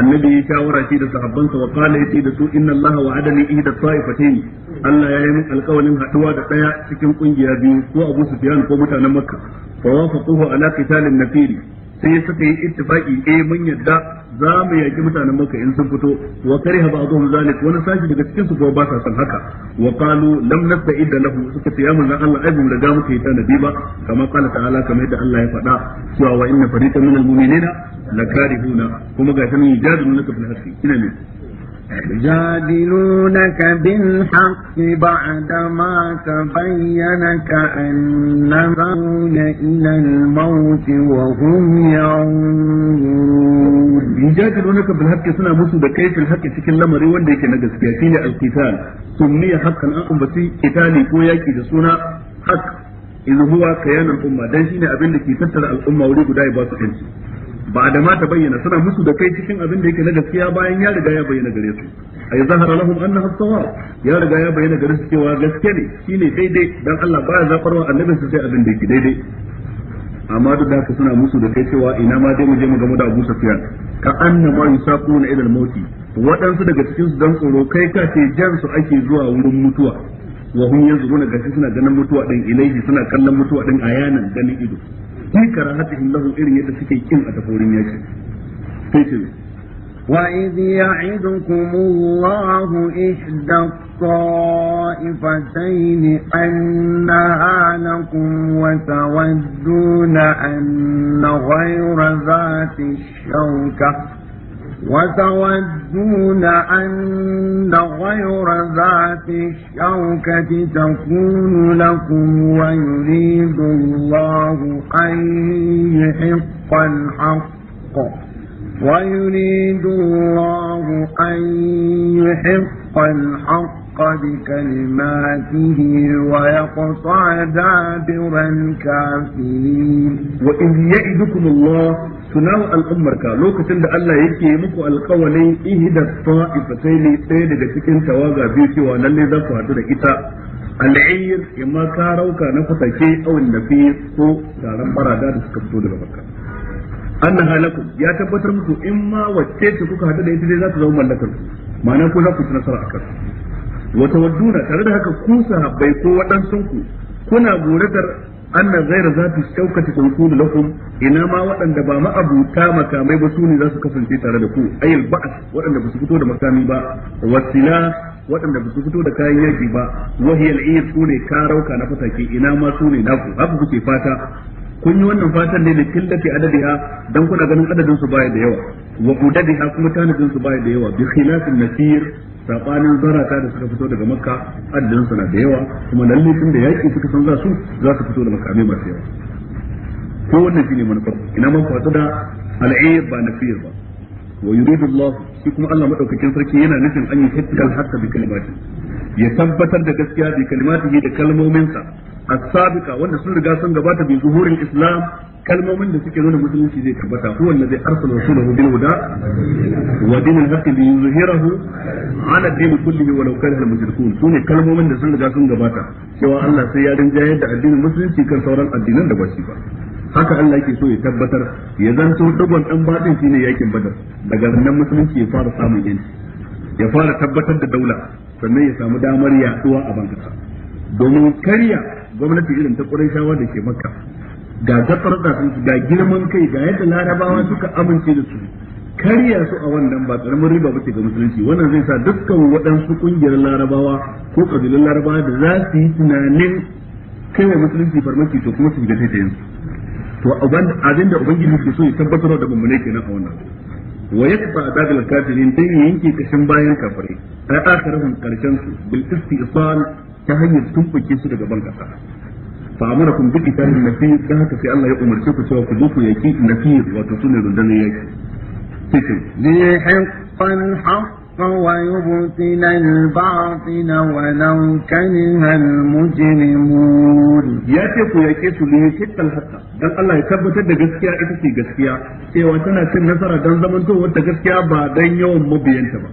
annabi ya shawara shi da sahabbansa wa qala yati da su inna allaha wa'adani ida ta'ifatayn Allah ya yi min alƙawarin haɗuwa da ɗaya cikin ƙungiya biyu ko Abu Sufyan ko mutanen Makka fa wafaquhu ala qitalin nafiri sai suka yi ittifaki eh mun yadda za mu yaki mutanen maka in sun fito wa kariha ba'dhum zalik wani sashi daga cikin su ba sa san haka wa qalu lam nasta'id lahu suka ce ya mun Allah ai mun riga muka yi tanadi ba kamar qala ta'ala kamar yadda Allah ya faɗa cewa wa inna fariqan minal mu'minina lakarihuna kuma ga tanin yajadunaka fil haqqi ina ne يجادلونك بالحق بعدما تبين كأنهم إلى الموت وهم ينظرون يجادلونك بالحق سنة موسو دكاية الحق تكن لما ريوان ديك نجس فيها القتال سمي حقا أقوم بسي قتالي كوياكي جسونا حق إذ هو كيان الأمة دانشين شيني أبين لكي تتر الأمة ولي قدائي باسو ba da ma ta bayyana suna musu da kai cikin abin da yake na gaskiya bayan ya riga ya bayyana gare su ay zahara lahum annaha sawab ya riga ya bayyana gare su cewa gaskiya ne shine daidai dan Allah baya zafarwa annabin sai abin da yake daidai amma duk da haka suna musu da kai cewa ina ma dai mu je mu ga Abu ka anna ma yusaquna ila al-mauti waɗansu daga cikin su dan tsoro kai ka ce jan su ake zuwa wurin mutuwa wa hum yanzuruna gashi suna ganin mutuwa din ilaihi suna kallon mutuwa din ayanan ganin ido fi karahatihim lahu irin yadda suke kin a tafurin yaki sai ce وإذ يعدكم الله إحدى الطائفتين أنها لكم وتودون أن غير ذات الشوكة وتودون أن غير ذات الشوكة تكون لكم ويريد الله أن يحق الحق ويريد الله أن يحق الحق الحق بكلماته ويقطع دابر الكافرين وإن يعدكم الله tunawa al'ummarka lokacin da Allah yake muku alkawalin ihda ta'ifatai ne ɗaya daga cikin tawaga biyu cewa lalle za ku da ita al'ayyar imma ka rauka na fasake awin da fi ko taron barada da suka fito daga makka anna halakum ya tabbatar muku in ma wacce ce kuka haɗu da ita ma'ana ko za ci nasara akan wa wadduna tare da haka ku sahabbai ko waɗansu ku kuna goratar anna ghayra zati shaukati kunqulu lakum ina ma waɗanda ba ma makamai ba sune za su kasance tare da ku ayil ba'as waɗanda ba su fito da makami ba wasila waɗanda ba su fito da kayan yaki ba wahiyal iya su ne karauka na fatake ina ma su ne naku haka kuke fata kun yi wannan fatan ne da killati adadiha dan kuna ganin adadin su baya da yawa wa udadiha kuma tanadin su baya da yawa bi khilafin nasir sabanin zarata da suka fito daga makka adadin su na da yawa kuma lalle tun da yaki suka san za su za su fito da makamai masu yawa ko wannan shine manufar ina man fatu da al'ayyab ba nafir ba wa yuridu Allah shi kuma Allah madaukakin sarki yana nufin an yi hikkal hatta bi kalimati ya tabbatar da gaskiya bi kalimatihi da kalmominsa as wanda sun riga sun gabata bi zuhuril islam kalmomin da suke nuna musulunci zai tabbata wanda zai arsala rasulahu bil huda wa dinil haqqi bi yuzhirahu ala din kullihi wa law kana al mushrikun sune kalmomin da sun riga sun gabata cewa Allah sai ya rinjayar da addinin musulunci kan sauran addinan da ba shi ba haka Allah yake so ya tabbatar ya zanto dubon dan batin shine yakin badar daga nan musulunci ya fara samun yanci ya fara tabbatar da daula sannan ya samu damar yaduwa a bankasa domin karya gwamnati irin ta shawa da ke Makka ga gafar da su ga girman kai ga yadda Larabawa suka amince da su karya su a wannan ba karamin riba bace ga musulunci wannan zai sa dukkan waɗansu ƙungiyar Larabawa ko kabilun Larabawa da za su yi tunanin kai da musulunci farmaki to kuma su ta yanzu. to abin da ubangiji ke so ya tabbatar da mummune kenan a wannan wa yakfa dadal kafirin dan yanke kashin bayan kafirai ai akhirin karshen su bil istisal ta hanyar tumbuke su daga ban kasa fa amara kun bi kitabin dan haka sai Allah ya umarce ku cewa ku zo ku yaki nafir wato sunan rundunar yaki cikin li haqqan wa yubtil al batil wa law kariha al mujrimun ya ce ku yake su ne haqqan haqq dan Allah ya tabbatar da gaskiya ita ce gaskiya cewa tana cin nasara dan zamantowar ta gaskiya ba dan yawan mabiyanta ba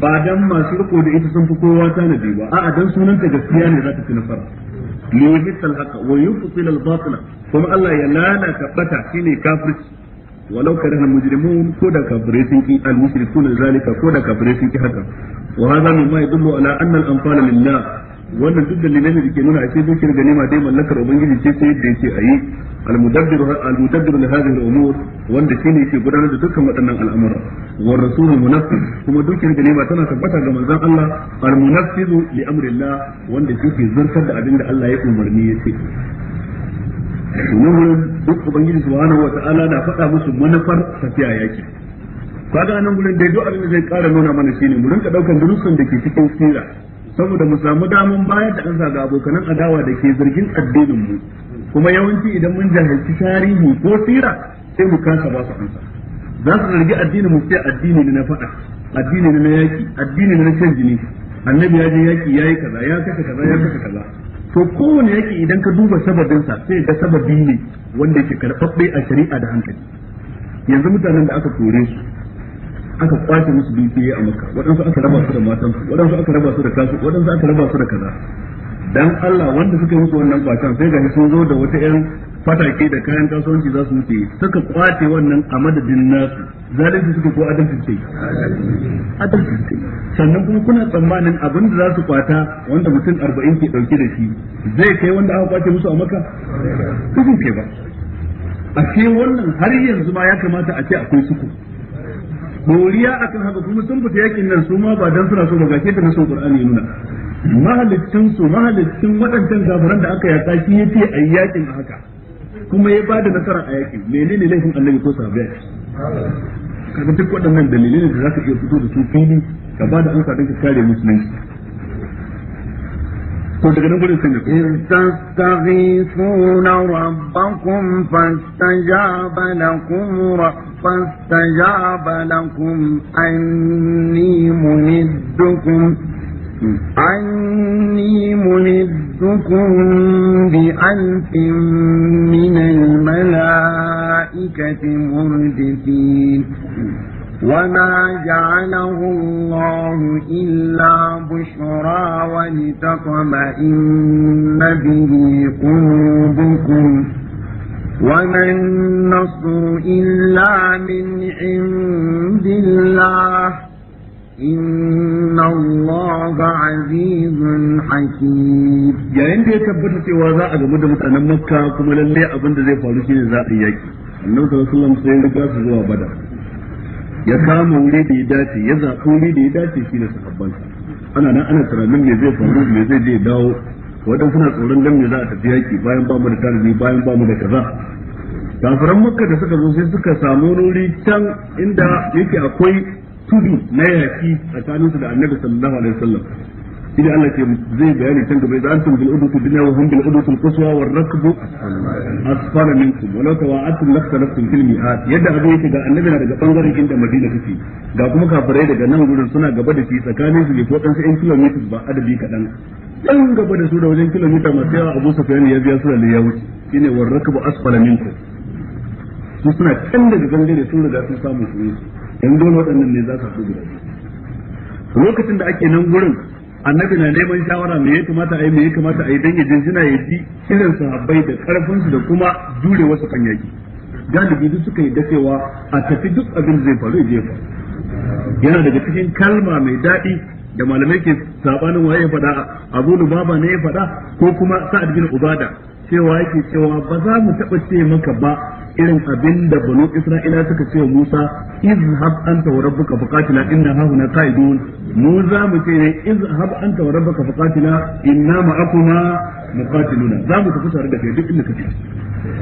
ba dan masu riko da ita sun fi kowa tanadi ba a'a dan sunanta gaskiya ne za ta ci nasara li yuhsal haqa wa yufsil al batila kuma Allah ya lalata bata shine kafirci walau kare na mujrimun ko da kafirai sun ki al mushrikuna zalika ko da kafirai sun ki haka wa hadha mimma yadullu ala anna al anfala lillah wannan duk dalilai ne da ke nuna a ce dukiyar ganima dai mallakar ubangiji ce sai da yake ayi al-mudabbiru al-mudabbiru li hadhihi al-umur wanda shine yake gudanar da dukkan waɗannan al'amura wa rasul munaffis kuma dukiyar ganima tana tabbata ga manzon Allah al-munaffiz li amrillah wanda yake zartar da abin da Allah ya umarni yace nan duk ubangiji subhanahu wa ta'ala na faɗa musu manufar tafiya yaki kaga nan gurin dai duk abin da zai ƙara nuna mana shine mu rinka daukan darussan da ke cikin sira saboda mu samu daman bayar da ansa ga abokanan adawa da ke zargin addinin mu kuma yawanci idan mun jahilci tarihi ko sira sai mu kasa ba su ansa za su zargi addinin mu sai addini ne na faɗa addini ne na yaki addini ne na shan jini annabi ya je yaki yayi kaza ya kasa kaza ya kasa kaza to kowane yaki idan ka duba sababinsa sai ga sababi ne wanda ke karɓaɓɓe a shari'a da hankali yanzu mutanen da aka kore su aka kwace musu dukiya a maka waɗansu aka raba su da matansu waɗansu aka raba su da kasu waɗansu aka raba su da kaza dan Allah wanda suka musu wannan kwacen sai ga sun zo da wata yan fatake da kayan kasuwanci za su wuce suka kwace wannan a madadin nasu zalunci suke ko adalci ce adalci ce sannan kuma kuna tsammanin abin da za su kwata wanda mutum arba'in ke dauke da shi zai kai wanda aka kwace musu a maka kuke ba a ce wannan har yanzu ma ya kamata a ce akwai suku doriya akan haka kuma sun fita yakin nan su ma ba dan suna so ba gashi da nasu qur'ani nuna mahalicin su mahalicin waɗancan gafaran da aka yaka shi yace ayi yakin a haka kuma ya bada nasara a yakin menene laifin annabi ko sahabbai kaga duk waɗannan dalilai ne da zaka iya fito da su fili ka bada amsa don ka kare musulunci إذ تستغيثون ربكم فاستجاب لكم رأ فاستجاب لكم أني ممدكم أني ممدكم بألف من الملائكة مردفين وما جعله الله إلا بشرى ولتطمئن به قلوبكم وما النصر إلا من عند الله إن الله عزيز حكيم يعني دي تبتا cewa za a gamu da mutanen Makka kuma lalle abin da zai faru shine za a yaki Annabi sallallahu alaihi wasallam sai ya zuwa Badar ya kama wuri da ya dace ya zaɓi wuri da ya dace shi da sahabbansa ana nan ana tunanin me zai faru me zai dawo wadan suna tsoron dan ne za a tafi yaki bayan ba mu da tarihi bayan ba mu da kaza kafiran makka da suka zo sai suka samu wuri can inda yake akwai tudu na yaki tsakaninsu da annabi sallallahu alaihi wasallam إذا الله زي بياني تنقب إذا أنتم بالعدوة الدنيا وهم بالعدوة القصوى والركب أسفل منكم ولو تواعدتم لاختلفتم في المئات يدعى أبوك إذا النبي هذا بانغر عند مدينة في ga kuma kafirai daga nan gudun suna gaba da shi tsakanin su ne ko ɗansu 'yan kilomita ba adadi kaɗan ɗan gaba da su wajen kilomita masu yawa abu safiyan ya biya su da ya wuce shine warrakabu asfala minkum su suna can daga gangare sun riga sun samu su dole waɗannan ne za su lokacin da ake nan gurin annabi na neman shawara me ya kamata a yi me ya kamata dan ya jinjina ya ji sahabbai da karfin su da kuma jure wasu kan yaki galibi duk suka yi dacewa a tafi duk abin da zai faru je fa yana daga cikin kalma mai daɗi da malamai ke sabanin waye ya faɗa abu baba ne ya faɗa ko kuma sa'ad bin ubada cewa yake cewa ba za mu taɓa ce maka ba irin abin da banu isra'ila suka ce wa musa izhab anta wa rabbuka faqatila inna hahuna qa'idun mu za mu ce ne izhab anta wa rabbuka faqatila inna ma'akuma muqatiluna za mu tafi tare da kai duk inda kake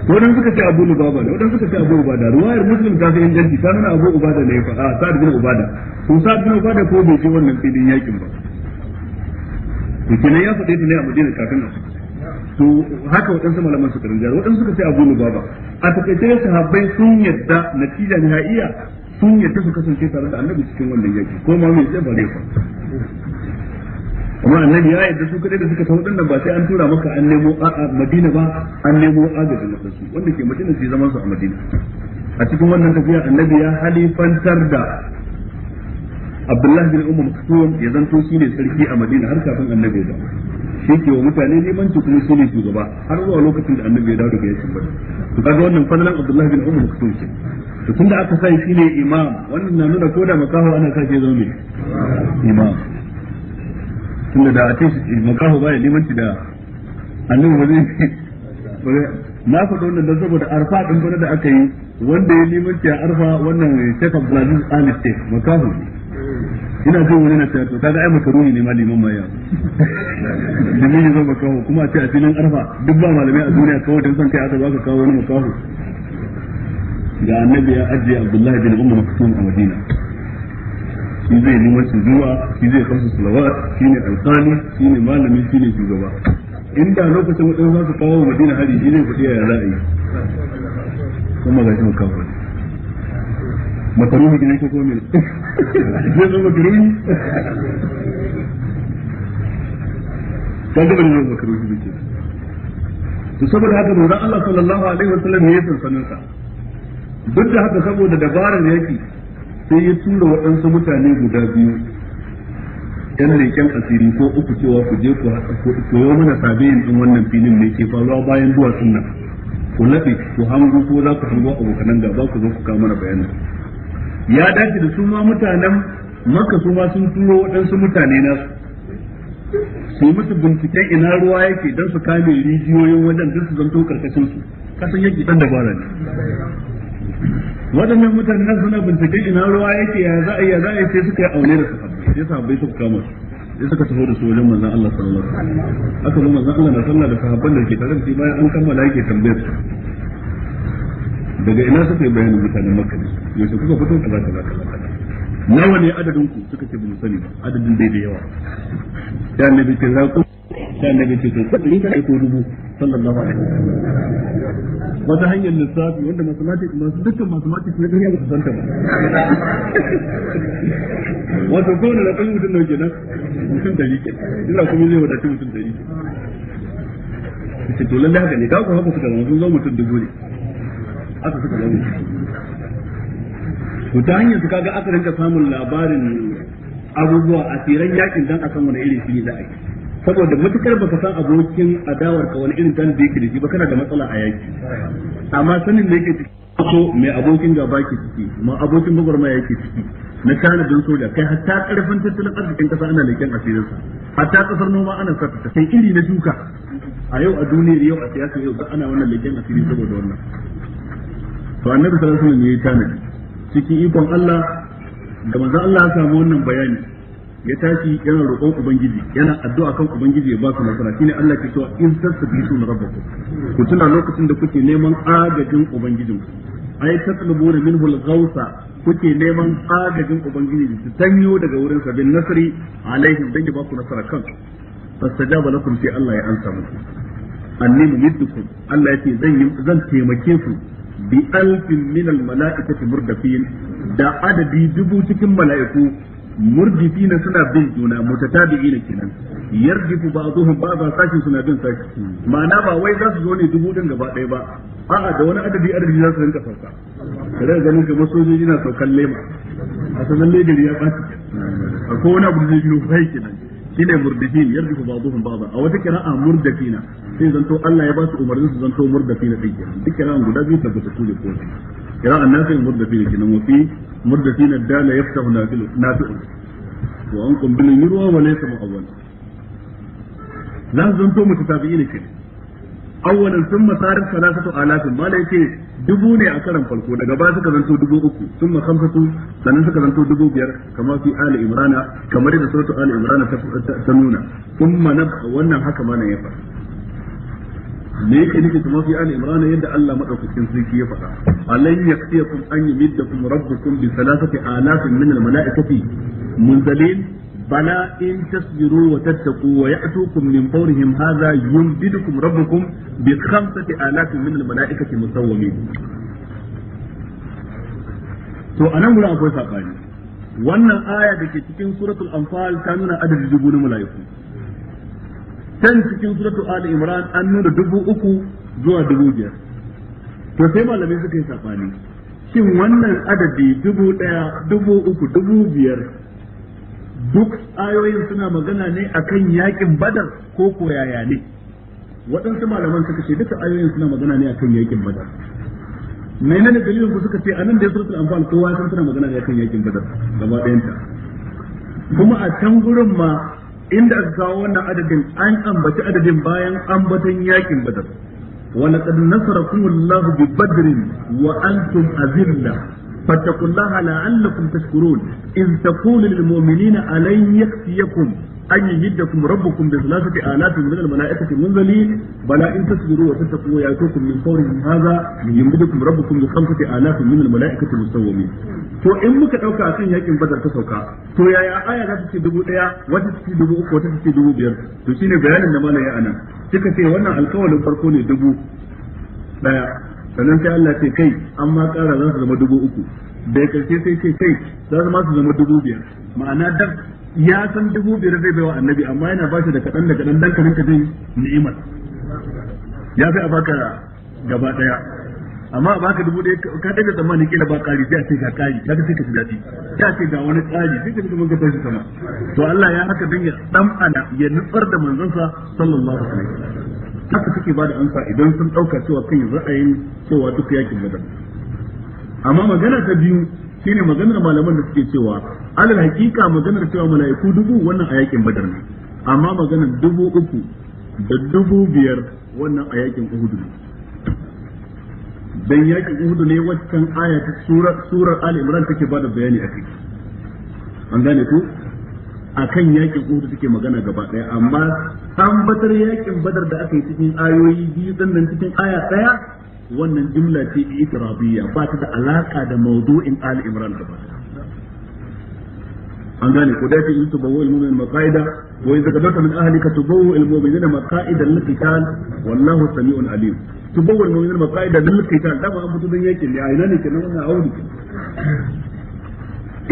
wadan suka ce abu lubaba ne wadan suka ce abu ubada ruwayar muslim ta fi inganci ta nuna abu ubada ne fa a sa'ad bin ubada to sa'ad bin ubada ko bai je wannan filin yakin ba to kenan ya faɗe ta ne a madina kafin nan to haka waɗansu malaman suka rinjar waɗansu suka sai abu ba a takaice sahabbai sun yadda natija ne iya sun yadda su kasance tare da annabi cikin wannan yaki ko ma mai tsaba ne fa amma annabi ya yadda su kaɗai da suka san waɗannan ba sai an tura maka an nemo a Madina ba an nemo agajin masasu wanda ke Madina sai zaman su a Madina a cikin wannan tafiya annabi ya halifantar da abdullahi bin umar maktum ya zanto ne sarki a madina har kafin annabi ya shi ke wa mutane neman ci kuma shine shugaba har zuwa lokacin da annabi ya dawo daga yakin ba to kaga wannan fadlan abdullahi bin umar maktum ke to da aka sai ne imam wannan na nuna koda makaho ana sa shi zama imam tun da a ce makaho baya limanci da annabi ba zai na faɗo wannan don saboda arfa ɗin bana da aka yi wanda ya limanci a arfa wannan shekh abdulaziz alif makaho. ina jin wani na tiyatu ta kaga ai makaruni ne malamin maya. yau da miji zo ba kawo kuma a ce a filin arfa duk ba malamai a duniya kawo don san kai aka za ka kawo wani makahu ga annabi ya ajiye abdullahi bin umar maktum a madina shi zai nima su zuwa shi zai kamsu salawat shi ne alƙali shi ne malami shi ne shugaba inda lokacin wadanda za su kawo madina hari shi ne kudi ya ra'ayi kuma ga shi makahu ne makaruhi ne ke so ne zai zo makaruhi Allah sallallahu alaihi duk da haka saboda yaki sai ya tura waɗansu mutane guda biyu yan leƙen asiri ko uku cewa ku je ku koyo mana sabiyin ɗin wannan filin ne ke faruwa bayan duwatsun nan ku laɗe ku hangu ko za ku hango abokanan gaba ku zo ku kawo mana bayanin ya dace da su ma mutanen maka su ma sun turo waɗansu mutane na su musu binciken ina ruwa yake don su kame rijiyoyin wajen don su zanto karkashin su kasan yake dan dabara ne waɗannan mutane nan suna binciken ina ruwa yake ya za a yi ya za a yi sai suka yi aune da sahabbai sa sahabbai suka kama su ya suka taho da su wajen manzan Allah sallallahu alaihi wasallam aka zo manzan Allah na sallah da sahabban da ke tare da shi bayan an kammala yake tambayar su daga ina suka yi bayanin mutanen makka ne yaushe kuka fito kaza kaza kaza nawa ne adadin ku suka ce bin sani adadin dai da yawa da annabi ce za ku da annabi ce ko kudi ka aiko rubu sallallahu alaihi wasallam wata hanyar lissafi wanda mathematics masu dukkan masu ne kariya ba su santa ba wato ko ne da kan mutum nawa nan mutum da kenan ina kuma zai wadatu mutum dari ce to lalle haka ne ka ku haka suka zama zo mutum dubu ne aka suka zama to ta hanyar su kaga aka rinka samun labarin abubuwa a tsiran yakin dan a san wani irin shi za a yi saboda matukar baka san abokin adawar ka wani irin dan da yake da shi ba kana da matsala a yaki amma sanin da yake ciki so mai abokin gaba ke ciki ma abokin gwagwarma yake ciki na kana don soja kai hatta karfin tattalin arzikin kasa ana leken sa hatta kasar noma ana sarta kai iri na shuka a yau a duniyar yau a siyasa yau ba ana wannan leken asiri saboda wannan to annabi sallallahu alaihi wasallam yi tanadi cikin ikon Allah da manzon Allah ya samu wannan bayani ya tashi yana roƙon ubangiji yana addu'a kan ubangiji ya ba su nasara shine Allah ke cewa in tasbihu rabbakum ku tuna lokacin da kuke neman agajin ku ai tatlubuna minhu al-ghawsa kuke neman agajin ubangiji su tanyo daga wurin sa bin nasri alaihim dan ya ba ku nasara kan fastajaba lakum sai Allah ya ansa muku anni yiddukum Allah yake zan zan taimake ku bi alfin min al mala'ikati murdafin da adadi dubu cikin mala'iku murdifina suna bin juna mutatabi'ina kenan yardifu ba'dhum ba'dha sashi suna bin sashi ma'ana ba wai za su zo ne dubu din gaba ɗaya ba a'a da wani adadi adadi za su rinka sauka kada ganin kamar sojoji na saukan lema a sanan lediri ya ɓaci akwai wani abu da zai biyo bai kenan shine murdifin yarjifu ba'dhum a wata kira'a murdafina sai zanto Allah ya ba su umarni su zanto murdafina din kenan duk kira'an guda biyu su ne ko kira'an kenan wa fi yaftahu wa an yurwa wa laysa mu'awwal lan zanto mutatabi'ina kenan awwalan thumma alafin ma la yake dubu ne a karan farko daga baya suka zanto dubu uku sun makamfatu sannan suka zanto dubu biyar kamar fi ali imrana kamar yadda suratu ali imrana ta nuna sun manab wannan haka mana ya faɗa me yake nufi kuma fi ali imrana yadda Allah madaukakin sarki ya faɗa alan yaqiyakum an yumiddakum rabbukum bi salasati alafin min al malaikati munzalin bala in tasbiru wa tattaqu wa ya'tukum min fawrihim hadha yumdidukum rabbukum bi khamsati alafin min al mala'ikati musawwimin to anan gurin akwai sabani wannan aya da ke cikin suratul anfal ta nuna adadin dubu na mala'iku can cikin suratul ali imran an nuna dubu uku zuwa dubu biyar to sai malamai suka yi sabani shin wannan adadi dubu daya dubu uku dubu biyar duk ayoyin suna magana ne akan yakin badar ko ko yaya ne waɗansu malaman suka ce duka ayoyin suna magana ne akan yakin badar menene dalilin ku suka ce anan da suratul anfal kowa san suna magana ne akan yakin badar gaba ɗayan ta kuma a can gurin ma inda aka kawo wannan adadin an ambaci adadin bayan ambaton yakin badar nasarakumullahu bi badrin wa antum azilla فاتقوا الله لعلكم تشكرون إذ تقول للمؤمنين ألن يكفيكم أن يجدكم ربكم بثلاثة آلاف من الملائكة منزلين بلى إن تصبروا وتتقوا يأتوكم من فورهم هذا يمدكم ربكم بخمسة آلاف من الملائكة المسومين to in muka dauka akan yakin badar ta sauka to yaya aya za ta ce dubu daya wata ta ce dubu uku wata ta ce dubu biyar to shine bayanin da malaya anan kika ce wannan alƙawarin farko ne dubu daya sannan sai Allah ce kai ma ƙara za su zama dubu uku da ya karshe sai ce kai za su ma su zama dubu biyar ma'ana dan ya san dubu biyar zai baiwa annabi amma yana ba shi da kaɗan da kaɗan dan ka rinka zai ni'imar ya fi a baka gaba ɗaya amma a baka dubu ɗaya ka ɗaga tsammanin kila ba ƙari sai a ce ga ƙari ka sai ka ji daɗi sai a ce ga wani ƙari sai ka ji kamar ka tashi sama to Allah ya haka dan ya ɗan ana ya nutsar da manzansa sallallahu alaihi wasallam haka suke ba da amsa idan sun ɗauka cewa kan yi ra'ayin cewa duk yakin badar amma magana ta biyu shine maganar malaman da suke cewa alal hakika maganar cewa mala'iku dubu wannan a yakin badar ne amma maganar dubu uku da dubu biyar wannan a yakin uhudu ne dan yakin uhudu ne waccan aya ta surar surar ali imran take bada bayani akai an gane ku akan yakin Uhud suke magana gaba daya amma batar yakin Badar da aka yi cikin ayoyi biyu dannan cikin aya daya wannan jumla ce itrabiya ba ta da alaka da mawdu'in Ali Imran ba an gane ko dace in tubawu al-mu'min maqaida wa idza qadarta min ahlika tubawu al-mu'minina maqaida lil-qital wallahu sami'un alim tubawu al-mu'minina maqaida lil-qital dama an fito dan yakin A ina ne kenan wannan aure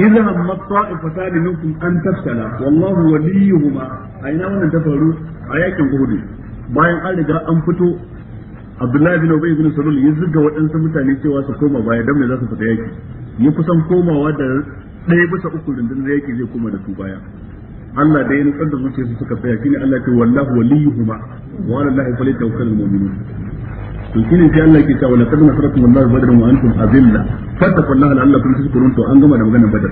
idan amma ta'ifata minkum an tafsala wallahu waliyuhuma a ina wannan ta faru a yakin Uhud bayan an riga an fito Abdullahi bin Ubay bin Salul ya zuga waɗansu mutane cewa su koma baya dan me za su fita yaki ya kusan komawa da ɗaya bisa uku rundunar yaki zai koma da su baya Allah da ya nutsar da zuciyarsu suka tsaya shine Allah ya ce wallahu waliyuhuma wa ala Allahi falyatawakkalul mu'minun to shine sai Allah ke cewa laqad nasrakum Allah badran wa antum azilla fattaqullaha la'allakum tashkurun to an gama da maganar badar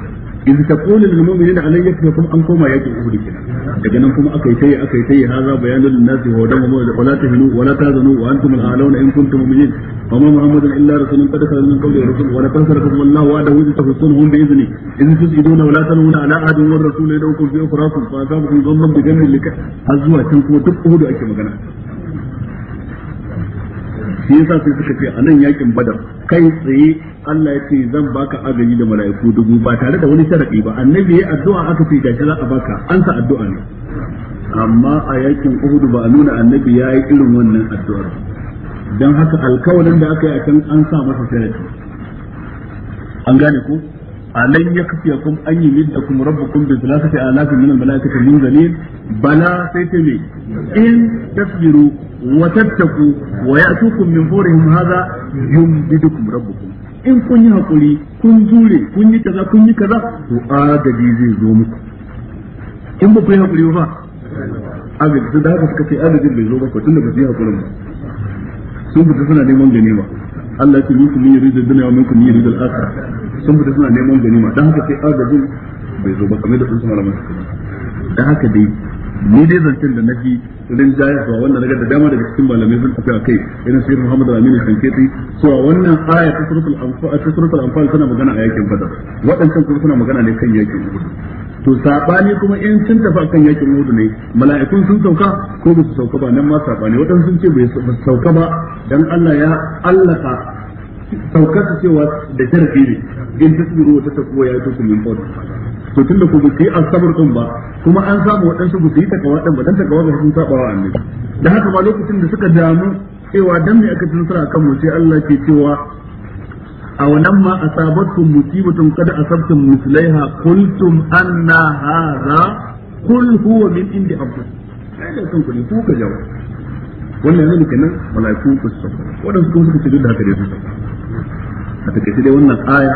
in taqulu lil mu'minina alay yakfum an koma yaki uhud kenan daga nan kuma akai tayi akai tayi hadha bayanul nasi wa damu da la tahinu wa la tazanu wa antum al'alawna in kuntum mu'minin wa ma muhammadun illa rasulun qad khala min qawli rasul wa la tansarakum Allah wa da wajhu tahsunhum bi idni in tusiduna wa la tanuna ala ahadin wa rasul yadawkum fi ukhrakum fa azabukum dhannan bi jannatin lika azwa tan kuma duk uhud ake magana shi yasa sai suka ce a nan yakin badar kai tsaye Allah ya ce zan baka agaji da mala'iku dubu ba tare da wani sharadi ba annabi ya addu'a aka ce da za a baka an sa addu'a ne amma a yakin Uhud ba a nuna annabi ya yi irin wannan addu'ar dan haka alkawarin da aka yi a can an sa masa sharadi an gane ko alan kuma an yumiddakum rabbukum bi thalathati alafin min al-malaikati munzalin bala sai ta me in tasbiru wa tattaku wa ya'tukum yun furihim hadha yumdidukum rabbukum in kun yi hakuri kun jure kun yi kaza kun yi kaza to agaji zai zo muku in ba ku yi hakuri ba agaji da haka suka ce agajin bai zo ba tun tunda ba su yi hakurin ba sun fita suna neman ganima Allah ya yi kuma yi rizal dunya wa minkum yi rizal akhirah sun fita suna neman ganima don haka sai agajin bai zo ba kamar da sun samar kuma da haka dai ni dai zancen da naji rin zuwa wannan naga da dama daga cikin malamai sun tafi kai irin sai Muhammad Aminu Sanketi cewa wannan aya ta suratul anfal ta suratul anfal tana magana a yakin badar waɗancan kuma suna magana ne kan yakin uhud to sabani kuma in sun tafi kan yakin uhud ne mala'ikun sun sauka ko ba su sauka ba nan ma sabani waɗansu sun ce bai sauka ba dan Allah ya allaka saukar su cewa da jarabi ne in tasbiru wa tattaku ya yi min fawt to tunda ku bi asabar ɗin ba kuma an samu waɗansu ku yi takawa din ba dan takawa ga sun saba wa annabi Da haka ba lokacin da suka damu cewa dan me aka tsara akan mu sai Allah ke cewa a wannan ma asabatkum musibatun qad asabtum mislaiha qultum anna hadha qul huwa min indi anfusikum ai da kanku ne ku ka jawo wannan ne kenan malaiku ku su wadansu kuma suka ce duk da haka dai su a takaice dai wannan aya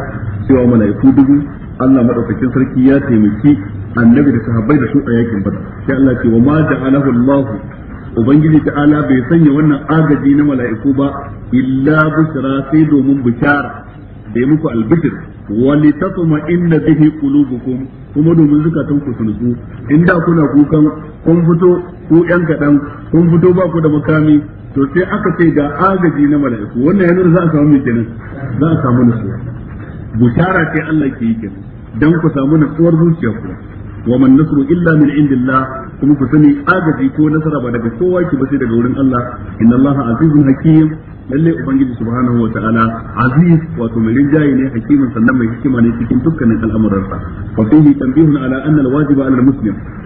cewa mala'iku dubu Allah madaukakin sarki ya taimaki annabi da sahabbai da su a yakin badar sai Allah ce wa ma ja'alahu Allah ubangiji ta'ala bai sanya wannan agaji na mala'iku ba illa bushra sai domin bishara da ya muku albishir wa litatma inna bihi qulubukum kuma domin zukatan ku sun inda kuna kukan kun fito yan kadan kun fito ba ku da makami to sai aka ce ga agaji na mala'iku wannan yanzu za a samu mai kenan za a samu nutsuwa bushara ce Allah ke yi kenan dan ku samu nasuwar zuciya ku wa man nasru illa min indillah kuma ku sani agaji ko nasara ba daga kowa ki ba sai daga wurin Allah inna Allah azizun hakim lalle ubangiji subhanahu wa ta'ala aziz wato mai rinjaye ne hakimin sannan mai hikima ne cikin dukkanin al'amuransa fa fihi tanbihun ala anna al 'ala al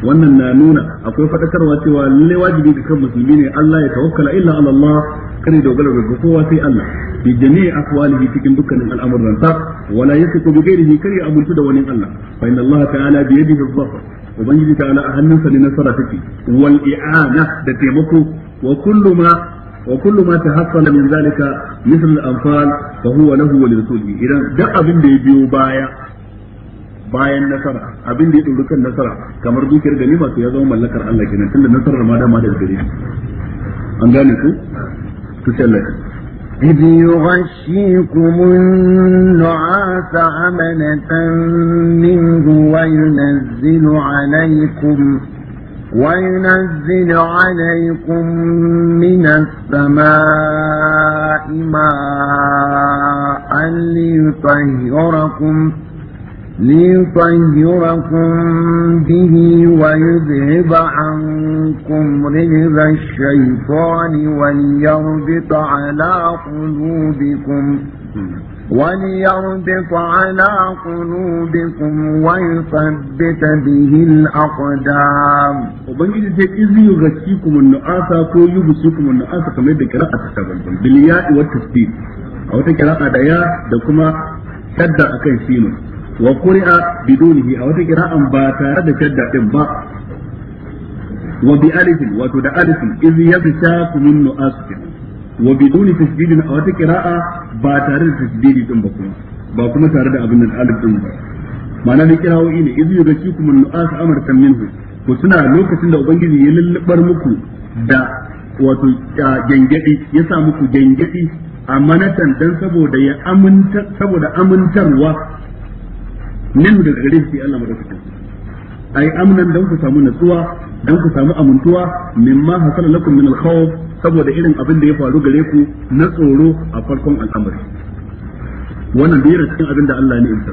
wannan na nuna akwai fadakarwa cewa lalle wajibi ga kan musulmi ne Allah ya tawakkala illa ala Allah kare dogara ga kowa sai Allah bi jami'i aqwalihi cikin dukkanin al'amuransa wala yasiku bi ghairihi kare abuntu da wani Allah fa inna Allah ta'ala bi yadihi al-zafar ubangiji ta'ala a hannunsa ne nasara take wal i'ana da taimako wa kullu ma وكل ما تحصل من ذلك مثل الأنفال فهو له ولرسوله إذا دع أبن دي بيو بايا bayan nasara abin da ya tsoro kan nasara kamar dukiyar ganima to ya zama mallakar Allah kenan tunda nasarar ma dama da gare an ku إذ يغشيكم النعاس أمنة منه وينزل عليكم وينزل عليكم من السماء ماء ليطهركم ليطهركم به ويذهب عنكم رجز الشيطان وليربط على قلوبكم وليربط على قلوبكم ويثبت به الأقدام وبنجد تيك إذن يغشيكم النعاسة كو يبسيكم النعاسة كما يدى قراءة تتبلغم بالياء والتسديد أو تقراء دياء دكما شد أكي سينو وقرئ بدونه أو تقراء باتارة شد إبا وبألف وتدألف إذ يغشاكم النعاسة wa biduni tasdidin a wata qira'a ba tare da tasdidi din ba kuma ba kuma tare da abin da alif din ba ma'ana da qira'o'i ne idh yughikum an-nu'as amartan minhu ko suna lokacin da ubangiji ya lullubar muku da wato gengedi ya sa muku gengedi amanatan dan saboda ya aminta saboda amintarwa nan da gare shi Allah madaukakin ai amnan dan ku samu natsuwa dan ku samu amintuwa mimma hasala lakum min al-khawf saboda irin abin da ya faru gare ku na tsoro a farkon al'amari wannan biyar cikin abin da Allah ne insa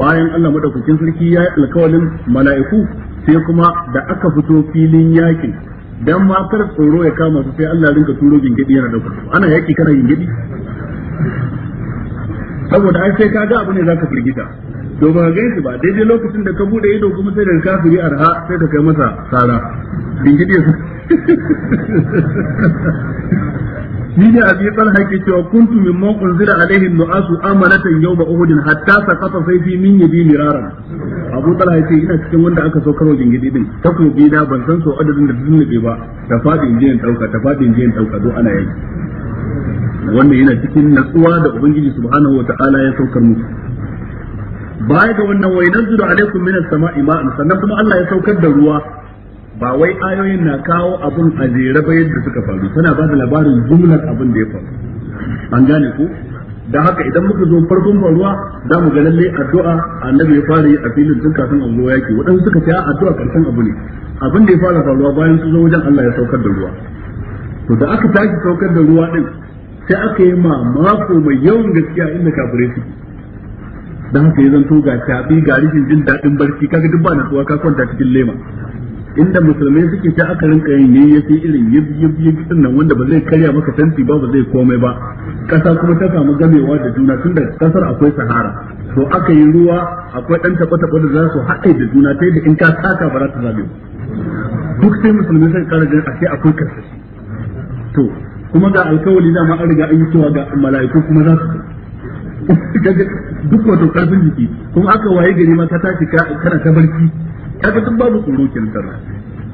bayan Allah madaukakin sarki ya yi alkawalin mala'iku sai kuma da aka fito filin yaƙin. dan ma kar tsoro ya kama su sai Allah rinka turo gingidi yana dauka ana yaki kana gingidi saboda an sai ka ga abu ne zaka firgita to ba ga shi ba daidai lokacin da ka bude ido kuma sai da kafiri arha sai ka kai masa sara din gidi su ni ne abi tsar ke cewa kuntu min man unzira alaihi nu'asu amanatan yawma uhud hatta saqata fi min yabi miraran abu tsar yace ina cikin wanda aka so karo gingidi din bi na ban san so adadin da dunne ba ta fadin jiyan dauka ta fadin jiyan dauka do ana yi wannan yana cikin natsuwa da ubangiji subhanahu ta'ala ya saukar musu baya ga wannan wa yanzilu alaikum minas sama'i ma'an sannan kuma Allah ya saukar da ruwa ba wai ayoyin na kawo abun a jere ba yadda suka faru tana ba da labarin jumlar abin da ya faru an gane ku da haka idan muka zo farkon faruwa za mu ga lalle addu'a annabi ya fara yi a filin tun kafin an ya yaki waɗansu suka ce addu'a karshen abu ne abin da ya fara faruwa bayan su zo wajen Allah ya saukar da ruwa to da aka tashi saukar da ruwa din sai aka yi ma mako mai yawan gaskiya inda kafirai suke don haka ya zanto ga tafi ga rishin jin daɗin barci kaga duk ba natsuwa ka kwanta cikin lema inda musulmai suke ta aka rinka yin ne yafi irin yib yib yib nan wanda ba zai karya maka tanti ba ba zai komai ba kasa kuma ta samu gamewa da juna tunda kasar akwai sahara to aka yi ruwa akwai dan taɓa taɓa da za su haɗe da juna ta da in ka saka ba za ta zabe duk sai musulmai sai kara ganin akwai kasashe to kuma ga alkawali dama an riga an yi cewa ga mala'iku kuma za su duk wato karfin jiki kuma aka waye gari ma ka tashi kana ta barci kaga duk babu tsoro kin sarra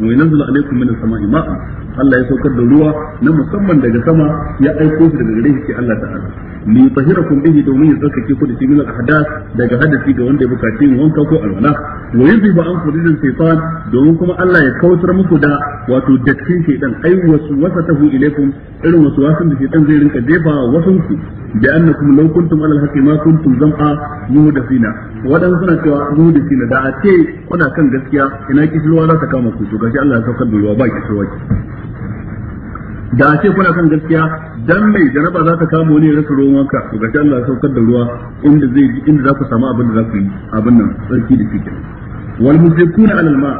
wa yanzu alaikum min as-sama'i ma'a Allah ya saukar da ruwa na musamman daga sama ya aiko shi daga gare shi Allah ta'ala li yutahhirakum bihi domin ya tsarkake ku da shi min al daga hadasi ga wanda ya bukaci yin wanka ko alwala wa yuzhibu an furidin shaytan domin kuma Allah ya kautar muku da wato dattin shaytan ai waswasatahu ilaikum irin waswasin da shaytan zai rinka jefa wasun ku bi annakum law kuntum ala al ma kuntum zam'a muhdasina wadan suna cewa muhdasina da a ce kuna kan gaskiya ina kishilwa za ta kama ku to karshe Allah ya saukar da ba ki tsoro da a ce kuna kan gaskiya dan mai jaraba za ta kama wani rasa ruwan wanka to karshe Allah ya saukar da ruwa inda zai inda za ku samu abin da za ku yi abin nan sarki da kike wal musrifuna alal ma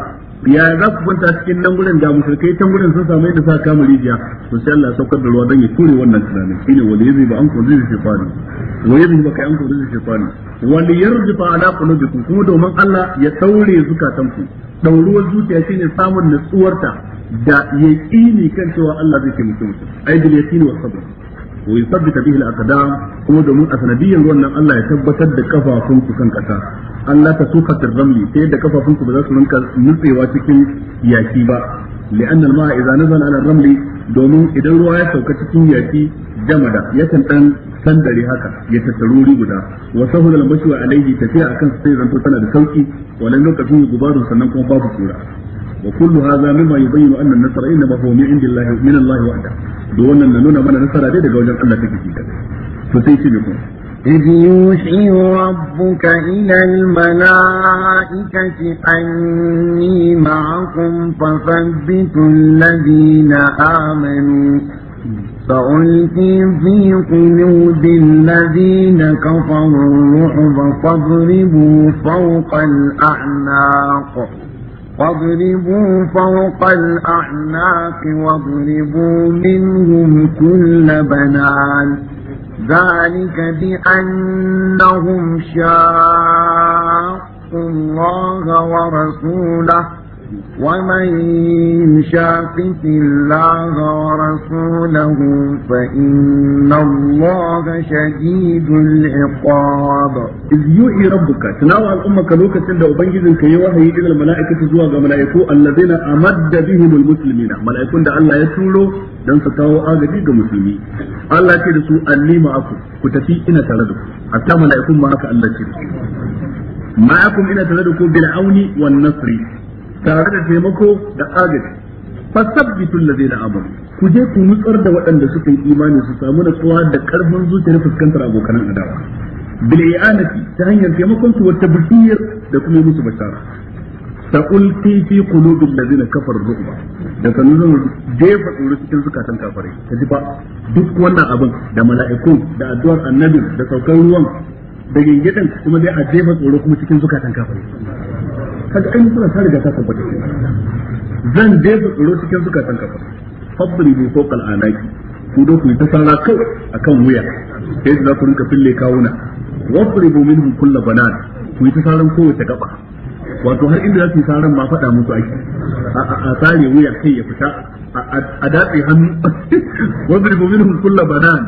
ya za ku kwanta cikin nan gurin da musulkai can gurin sun samu yadda sa kama rijiya to sai Allah ya saukar da ruwa dan ya kore wannan tunanin shine wali yazi ba an kore shi shaytani wa yazi ba kai an kore shi shaytani wali yarjifa ala qulubikum kuma domin Allah ya daure zukatan ku dauruwar zuciya shine samun nutsuwarta da yaqini kan cewa Allah zai taimake mutum aidil yaqini wa sabr ويثبت به الأقدام kuma domin a sanadiyyar wannan Allah ya tabbatar da kafafun ku kan kasa Allah ta sufa tirramli sai yadda kafafunku ba za su rinka nutsewa cikin yaki ba li'an al-ma'a idza nazala ala ramli domin idan ruwa ya sauka cikin yaki jamada yakan dan sandare haka ya tattaru ri guda wa sahul al-mashu alayhi tafiya akan sai zanto tana da sauki walan lokacin gubarun sannan kuma babu kura wa kullu hadha mimma yubayyinu anna an-nasra inma huwa min indillahi min Allah wahda do wannan na nuna mana nasara dai daga wajen Allah take kika to sai ce ne kuma إذ يوحي ربك إلى الملائكة أني معكم فثبتوا الذين آمنوا فألقي في قلوب الذين كفروا الرعب فاضربوا فوق الأعناق فاضربوا فوق الأعناق واضربوا منهم كل بنان ذلك بأنهم شاقوا الله ورسوله ومن يشاقق الله ورسوله فإن الله شديد العقاب إذ يوحي ربك تناوى الأمة كلوكة تلد أبنجد كي وحي إلى الملائكة زواج ملائكو الذين أمد بهم المسلمين ملائكون دا الله يسولو دان ستاو آغدي دا مسلمين الله تلسو أني معكم كتفي إنا تلدكم حتى ملائكم معك الله تلسو معكم إنا تلدكم بالعون والنصر tare da taimako da agaji fasabbitul ladina amanu ku je ku nutsar da waɗanda suka yi imani su samu natsuwa da karfin zuciyar fuskantar abokan adawa bil i'anati ta hanyar taimakon su wata bishiyar da kuma musu bashara sa'ulti fi qulubil ladina kafar ru'ba da kanu zan jefa tsoro cikin zukatan kafirai ta ji ba duk wannan abin da mala'iku da addu'ar annabi da saukar ruwan da gingidan kuma dai a jefa tsoro kuma cikin zukatan kafare kaga ai suna ta riga ta tabbata zan je su tsoro cikin zukatan kafa fabbri bi fokal anaki ku do ku ta sarra kai akan wuya sai za ku rinka fille kawuna wasribu minhum kullu banan ku ta sarran kowace gaba wato har inda za su yi saran ma faɗa musu aiki. a tsare wuya kai ya fita a datse hannu wasribu minhum kullu banan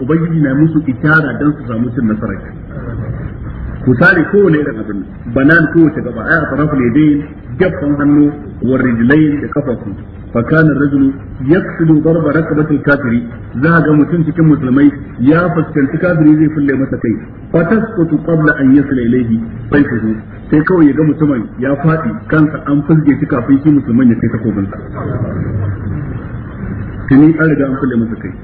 ubangiji na musu itara dan su samu cin nasara ku kowane irin abin banan kowace gaba a ne dai gaffan hannu wa rijlayin da kafafu fa kana rajulu yaqsidu darba rakabatil kafiri za ga mutum cikin musulmai ya fuskanci kafiri zai fulle masa kai fa tasqutu qabla an yasla ilayhi fa yuhu sai kawai ya ga mutumin ya fadi kansa an fulge shi kafin shi musulman ya kai takobinsa tuni an riga masa kai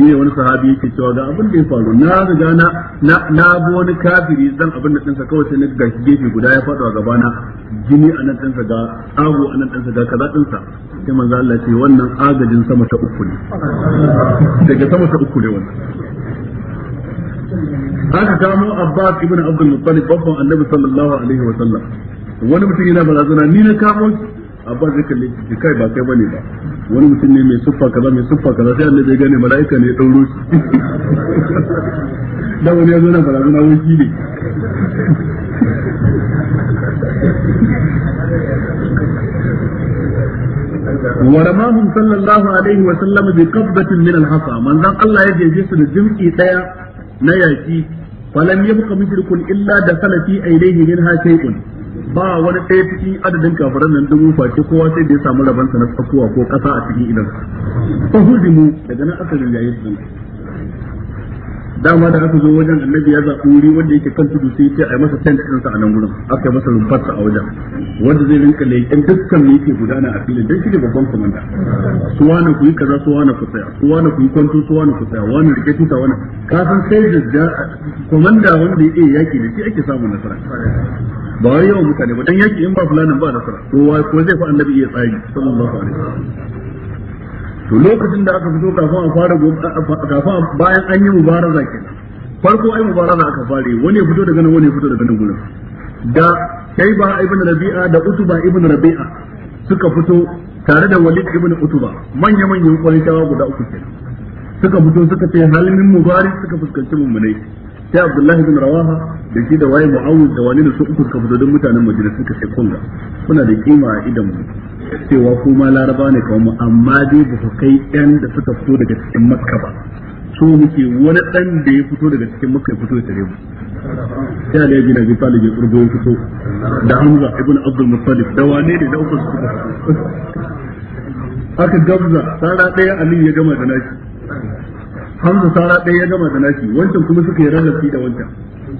ne wani sahabi yake cewa ga abin da ya faru na riga na na bi wani kafiri zan abin da dinsa kawai sai na ga gefe guda ya faɗo a gabana jini a nan dinsa ga abu a nan dinsa ga kaza dinsa sai manzo Allah ce wannan agajin sama ta uku ne daga sama ta uku ne wannan haka kamo Abbas ibn Abdul Muttalib babban Annabi sallallahu alaihi wa sallam wani mutum yana barazana ni na kamo abbas zai kalle shi kai ba kai bane ba wani mutum ne mai siffa kaza mai siffa kaza sai annabi ya gane mala'ika ne ya dauro shi dan wani ya zo na barazana wai shi ne ورماهم صلى الله عليه وسلم بقبضة من الحصى من ذا الله يجي جسد جمعي تيا نياكي فلم يبق مشرك إلا دخل في أيديه منها شيء ba wani ɗaya cikin adadin kafiran nan dubu face kowa sai da ya samu rabansa na tsakuwa ko ƙasa a cikin idan uhudimu daga nan aka rinjaye su dama da aka zo wajen annabi ya zaɓi wuri wanda yake kan tudu sai ce a masa tent ɗinsa a nan gurin aka yi masa rumfarsa a wajen wanda zai rinka leƙen dukkan me yake gudana a filin don shi ne babban komanda su wani ku yi kaza su wani ku tsaya su wani ku yi kwanto su wani ku tsaya wani rike tuta wani kafin sai da komanda wanda ya iya yaƙi da shi ake samun nasara ba wai yawan mutane ba dan yaƙi in ba fulanin ba nasara kowa ko zai fa annabi iya tsari sallallahu alaihi wasallam to lokacin da aka fito kafin a fara kafin bayan an yi mubaraza kenan farko ai mubaraza aka fare wani ya fito daga nan wani ya fito daga nan gurin da Shaiba ibn Rabi'a da Utuba ibn Rabi'a suka fito tare da Walid ibn Utuba manya manyan kwalitawa guda uku kenan suka fito suka ce halin mubarak suka fuskanci mummunai sai Abdullahi bin Rawaha da shi da waye Muawiz da wani da su uku suka fito don mutanen Madina suka ce kunga kuna da kima a idan mu cewa ma laraba ne kawai amma dai ba su kai yan da suka fito daga cikin makka ba so muke wani dan da ya fito daga cikin makka ya fito ya tare mu ya ne yabi na bi talib ya ya fito da hamza ibn abdul muttalib da wane ne da uku su fito haka gabza sara daya ali ya gama da nashi hamza sara daya ya gama da wancan kuma suka yi rarrafi da wancan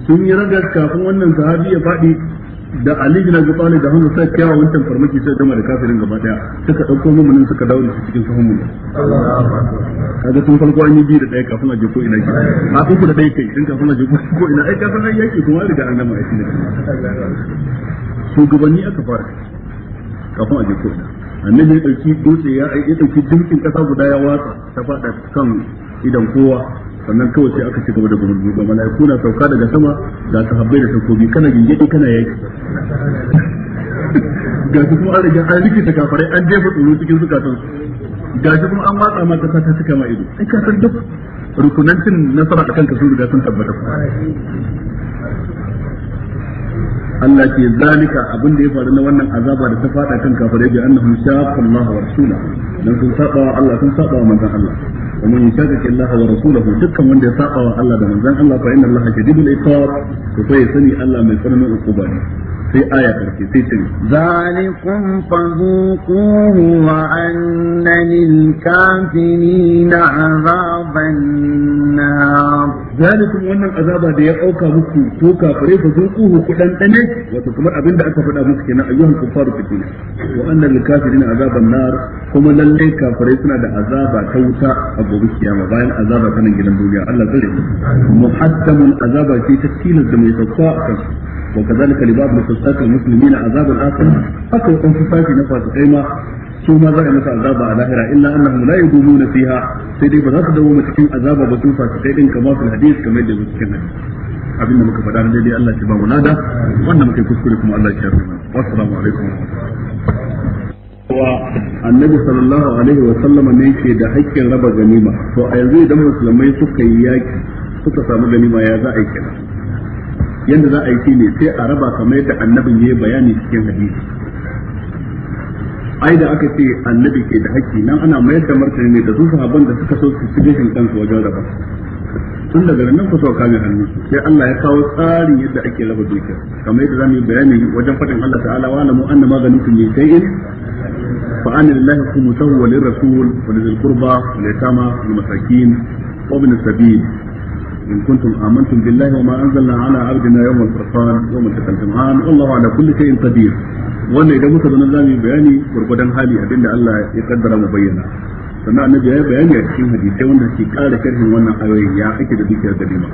sun yi rarrafi kafin wannan sahabi ya faɗi da Ali bin Abi Talib da Hamza sai kyawa wancan farmaki sai gama da kafirin gaba daya suka dauko mumunin suka dawo da cikin sahun mu kaga tun farko an yi biyu da daya kafin a je ko ina ke a uku da daya kai tun kafin a je ko ina ai kafin an yaki kuma riga an gama aiki ne shugabanni aka fara kafin a je ko ina annabi ya dauki dutse ya ya dauki dukin kasa guda ya watsa ta fada kan idan kowa sannan kawai sai aka ci gaba da gurbi ga mala'iku na sauka daga sama ga sahabbai da takobi kana gingedi kana yaki ga su kuma an riga an rike ta kafarai an jefa tsoro cikin zukatan su ga su kuma an matsa ma kasa ta cika ma ido ai ka san duk rukunancin nasara akan ka sun riga sun tabbata Allah ke zalika abin da ya faru na wannan azaba da ta fada kan kafare bi annahum shaqqa Allah wa rasula dan sun saba Allah sun saba manzon Allah wa man yushaqiqi Allah wa rasulahu dukkan wanda ya saba wa Allah da manzon Allah fa inna Allah shadidul iqab to sai sani Allah mai tsananin hukuma ne sai aya karfi sai ce zalikum fadhuquhu wa anna lil kafirina azaban nar zalikum wannan azaba da ya auka muku ko kafare fadhuquhu ku dan dane wato kamar abin da aka faɗa muku kenan ayyuhal kuffaru fitina wa anna lil kafirina azaban nar kuma lalle kafare suna da azaba ta wuta a gobe kiyama bayan azaba ta gidan duniya Allah tsare mu muhaddamun azaba ce ta tilas da mai sauka a kansu وكذلك لبعض الفساق المسلمين عذاب آخر حتى وكان فساق نفاس قيمة su ma za a masa azaba a lahira illa annahum la yadumuna fiha sai dai ba za su dawo cikin azaba ba sun kamar kamar da abin da muka faɗa na daidai Allah ya ba mu nada. Wannan muke kuskure kuma Allah ya yarda assalamu alaikum wa annabi sallallahu alaihi wa sallam ne yake da haƙƙin raba ganima to a yanzu idan musulmai suka yi yaki suka samu ganima ya za a yi kenan yanda za a yi ne sai a raba kamar yadda annabin yayi bayani cikin hadisi ai da aka ce annabi ke da haƙƙi nan ana mayar da martani ne da su sahabban da suka so su shige shin kansu wajen raba tun daga nan ku sauka kame hannu sai Allah ya kawo tsarin yadda ake raba dukiya kamar yadda zamu yi bayani wajen faɗin Allah ta'ala wa lamu anna ma ganitum min shay'in fa anna lillahi khumsahu wa lirrasul wa lil qurba wal yatama wal masakin wa ibn sabil إن كنتم آمنتم بالله وما أنزلنا على عبدنا يوم الفرقان يوم التقى الجمعان والله على كل شيء قدير wannan idan muka zama zamu bayani gurgudan hali abinda Allah ya kaddara mu bayyana sannan annabi ya bayani a cikin hadisai wanda ke kara karhin wannan ayoyin ya ake da dukiyar ganima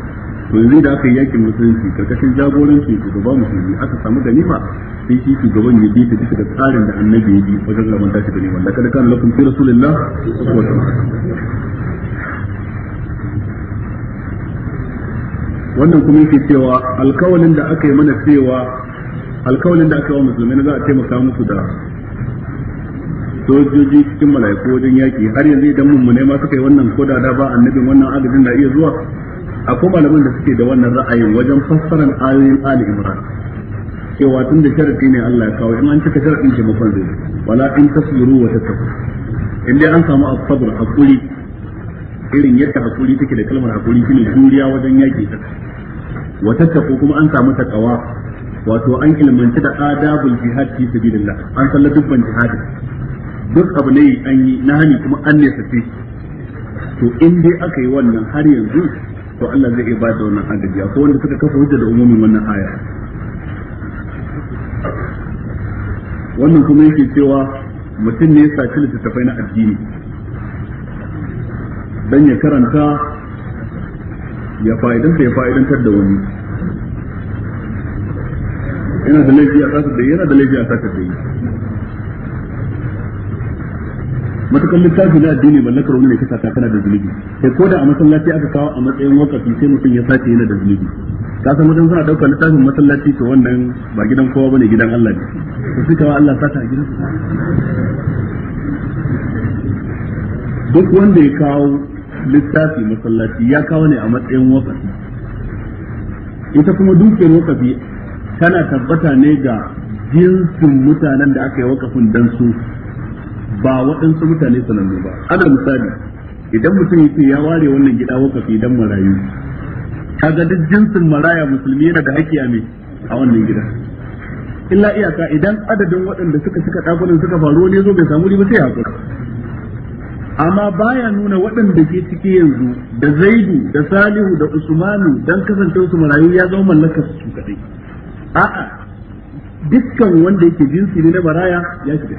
to yanzu da aka yi yakin musulunci karkashin jagoranci shugaba musulmi aka samu ganima sai shi shugaban ya bi ta duka da tsarin da annabi ya bi wajen zaman tashi ganima laqad kana lakum fi rasulillah uswatun wannan kuma yake cewa alkawalin da aka yi mana cewa alkawalin da aka yi wa musulmai za a taimaka musu da sojoji cikin mala'iku wajen yaki har yanzu idan mun nema suka yi wannan koda da ba annabin wannan adadin da iya zuwa akwai malaman da suke da wannan ra'ayin wajen fassarar ayoyin ali imran cewa tun da sharadi ne Allah ya kawo in an cika sharadin taimakon zai wala in tasiru wa tattaku in dai an samu asabr hakuri irin yadda hakuri take da kalmar hakuri shine juriya wajen yaki wa kuma an samu takawa wato an ilmanci da adabul jihad fi sabilillah an sallar dubban jihadi duk abu ne an yi na hani kuma an ne sace to in dai aka yi wannan har yanzu to Allah zai iya ba da wannan agaji akwai wanda suka kafa hujja da umumin wannan aya wannan kuma yake cewa mutum ne ya saci littattafai na addini dan ya karanta ya fa'idan ya fa'idantar da wani yana da laifi a saka da yana da laifi a saka da matakan littafi na addini mallakar wani ne kasa ta kana da zunubi sai ko da a masallaci aka kawo a matsayin wakafi sai mutum ya sace yana da zunubi ka san mutum suna daukar littafin masallaci to wannan ba gidan kowa bane gidan Allah ne to suka wa Allah sata a gidan duk wanda ya kawo littafi masallaci ya kawo ne a matsayin wakafi ita kuma dukiyar wakafi tana tabbata ne ga jinsin mutanen da aka yi wakafin dan su ba waɗansu mutane sanannu ba ana misali idan mutum ya ya ware wannan gida wakafi dan marayu kaga duk jinsin maraya musulmi yana da haƙƙi a me a wannan gida illa iyaka idan adadin waɗanda suka cika ɗakunan suka faru ne zo bai samu riba sai haƙura. amma baya nuna waɗanda ke ciki yanzu da zaidu da salihu da usmanu dan kasance su marayu ya zama mallaka su kadai a'a dukkan wanda yake jinsi ne na baraya ya shiga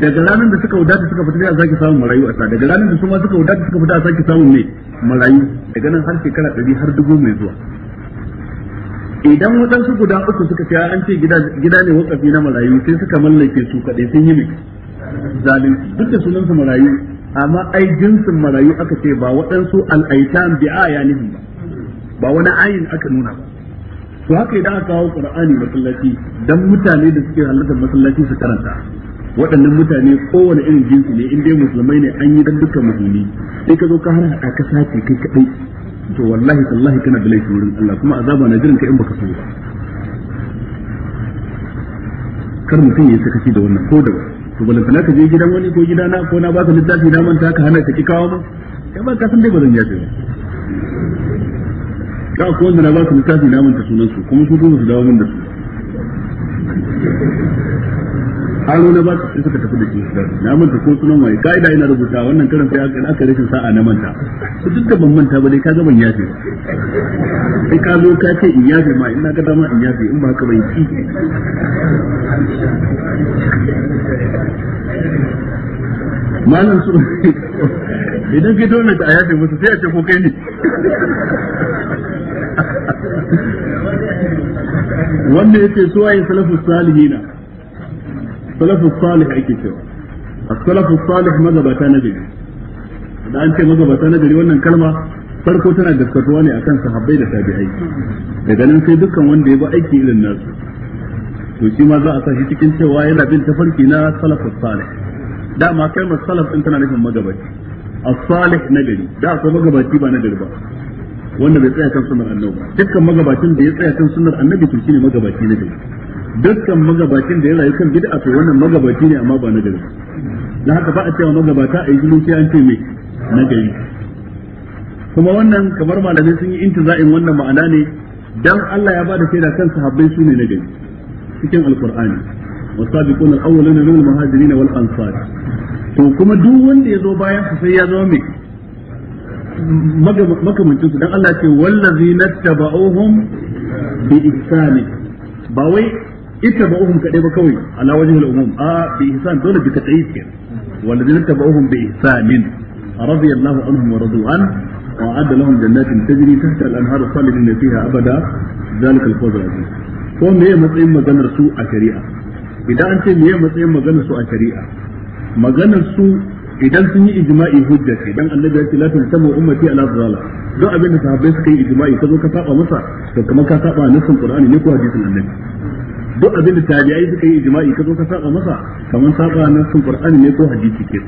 daga ranar da suka wadata suka fita a sake samun marayu a sa daga ranar da su ma suka wadata suka fita a sake samun mai marayu daga nan har shekara ɗari har dubu mai zuwa idan waɗansu guda uku suka ce an ce gida ne wakafi na marayu sai suka mallake su kaɗai sun yi mai zalunci duk da sunan su marayu amma ai jinsin marayu aka ce ba waɗansu al'aitan bi aya nihin ba ba wani ayin aka nuna ba to haka idan aka kawo qur'ani masallaci dan mutane da suke halartar masallaci su karanta waɗannan mutane kowane irin jinsi ne in dai musulmai ne an yi dan dukkan musulmi sai ka zo ka hana haɗa ka sace kai kadai to wallahi tallahi kana da laifi wurin Allah kuma azaba na jiran ka in baka so ba kar mutum ya sakaci da wannan ko da to balantana ka je gidan wani ko na ko na baka littafi na manta ka hana ka ki kawo min kai ba ka san dai ba zan yafe ba ka ko wanda na baka littafi na manta sunan su kuma su dole su dawo min da su haro na ba su suka tafi da shi na manta ko sunan waye kaida ina rubuta wannan karin sai aka rashin sa'a na manta su duk da ban manta ba dai ka gaban yafe sai ka zo ka ce in yafe ma ina ka dama in yafe in ba haka bai ci malam su idan ka tona ta yafe musu sai a ce ko kai ne wanda yake suwaye salafus salihina salafu salih ake cewa as-salafu magabata na gari da an ce magabata na gari wannan kalma farko tana gaskatuwa ne akan sahabbai da tabi'ai daga nan sai dukkan wanda ya bi aiki irin nasu to shi ma za a sa shi cikin cewa yana bin tafarki na salafu salih dama kalmar salaf tana na gari da ba na gari ba wanda bai tsaya kan sunnar annabi ba dukkan magabacin da ya tsaya kan sunnar annabi to shine magabaci na gari dukkan magabacin da ya rayu kan bid'a to wannan magabaci ne amma ba na gari na haka ba a cewa magabata a yi zumunci an ce mai na gari kuma wannan kamar malamai sun yi intiza'in wannan ma'ana ne dan Allah ya ba da shaida kan sahabbai su ne na gari cikin alqur'ani wasabiqun al-awwaluna min al-muhajirin wal ansar to kuma duk wanda ya zo bayan su sai ya zama mai makamancin su dan Allah ce wallazi nattaba'uhum bi ihsani ba wai ita ba uhum kadai ba kawai ala a bi ihsan dole bi a idan sun yi ijma'i hujja ce dan annabi ya ce la tantamu ummati ala dhalala abin da sahabbai suka yi ijma'i ka zo ka saba masa to kamar ka saba nasin qur'ani ne ko hadisin annabi duk abin da tabi'ai suka yi ijma'i ka zo ka saba masa kamar saba nan sun qur'ani ne ko hadisi ke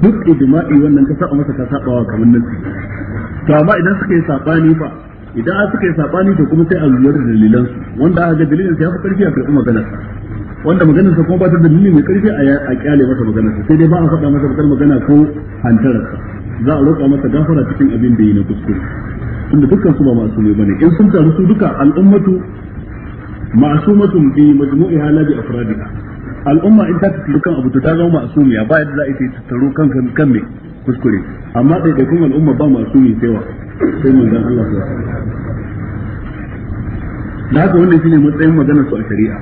duk ijma'i wannan ka saba masa ka saba wa kamar nan to amma idan suka yi sabani fa idan aka suka yi sabani to kuma sai a lura da dalilan su wanda aka ga dalilin sa ya fi karfi a karɓi maganar sa wanda maganar sa kuma ba ta da dalili mai karfi a kyale masa maganar sa sai dai ba a faɗa masa bakar magana ko hantarar sa za a roƙa masa gafara cikin abin da yi na kuskure tunda dukkan su ba masu ne bane in sun taru su duka al'ummatu ma'sumatun bi majmu'iha la bi al'umma in ta tafi kan abu to ta zama ma'sumiya ba yadda za a yi taro kan kan kuskure amma kuma al'umma ba ma'sumi sai wa sai manzon Allah sallallahu da haka wannan shine matsayin maganar su a shari'a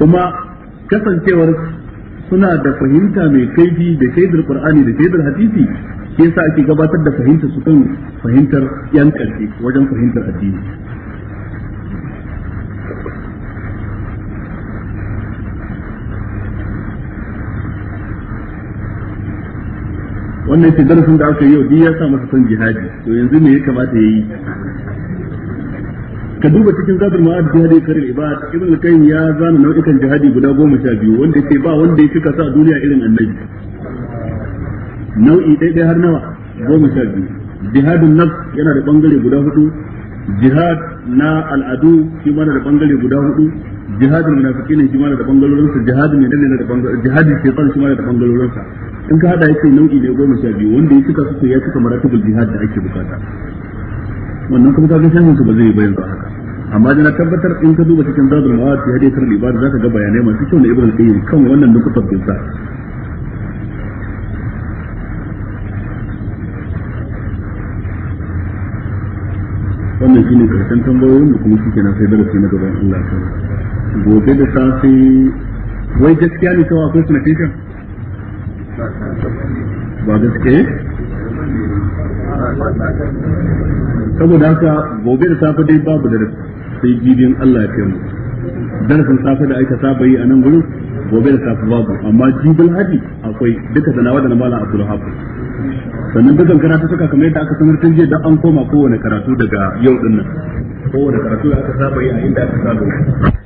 kuma kasancewar suna da fahimta mai kaifi da shaidar qur'ani da shaidar hadisi ke sa ake gabatar da fahimtar su kan fahimtar yan karshe wajen fahimtar addini wannan ce darasin da aka yi yau duk ya sa masa son jihadi to yanzu me ya kamata ya yi. ka duba cikin zadul ma'ad jihadi karin ibad ibn al-qayyim ya zana nau'ikan jihadi guda goma sha biyu wanda ce ba wanda ya fika sa a duniya irin annabi nau'i ɗaya har nawa goma sha biyu jihadun nafs yana da bangare guda hudu jihad na al'adu shi ma da bangare guda hudu jihadin munafiqina shi ma da bangalorin sa jihadin ne da bangalorin jihadin shaytan shi ma da bangalorin sa in ka hada yake nau'i ne goma sha biyu wanda ya cika su ya cika maratibul jihad da ake bukata wannan kuma kaga shahin su ba zai bayan ba haka amma dana tabbatar in ka duba cikin zadul mawad ya dai karli ba zaka ga bayanai masu kyau na ibrahim qayyim kan wannan nukutar din sa wannan shine karshen tambayoyin da kuma shi kenan sai darasi na gaban Allah ta gobe da safe wai gaskiya ne kawai akwai sanitation ba gaskiya saboda haka gobe da safe dai babu da sai gidiyan Allah ya mu darasin safe da aika saba yi a nan gurin gobe da safe babu amma jibin hadi akwai duka sanawa da na malam Abdul Hafiz sannan dukkan karatu suka kamar yadda aka sanar tun jiya dan an koma kowane karatu daga yau din nan kowane karatu da aka saba yi a inda aka saba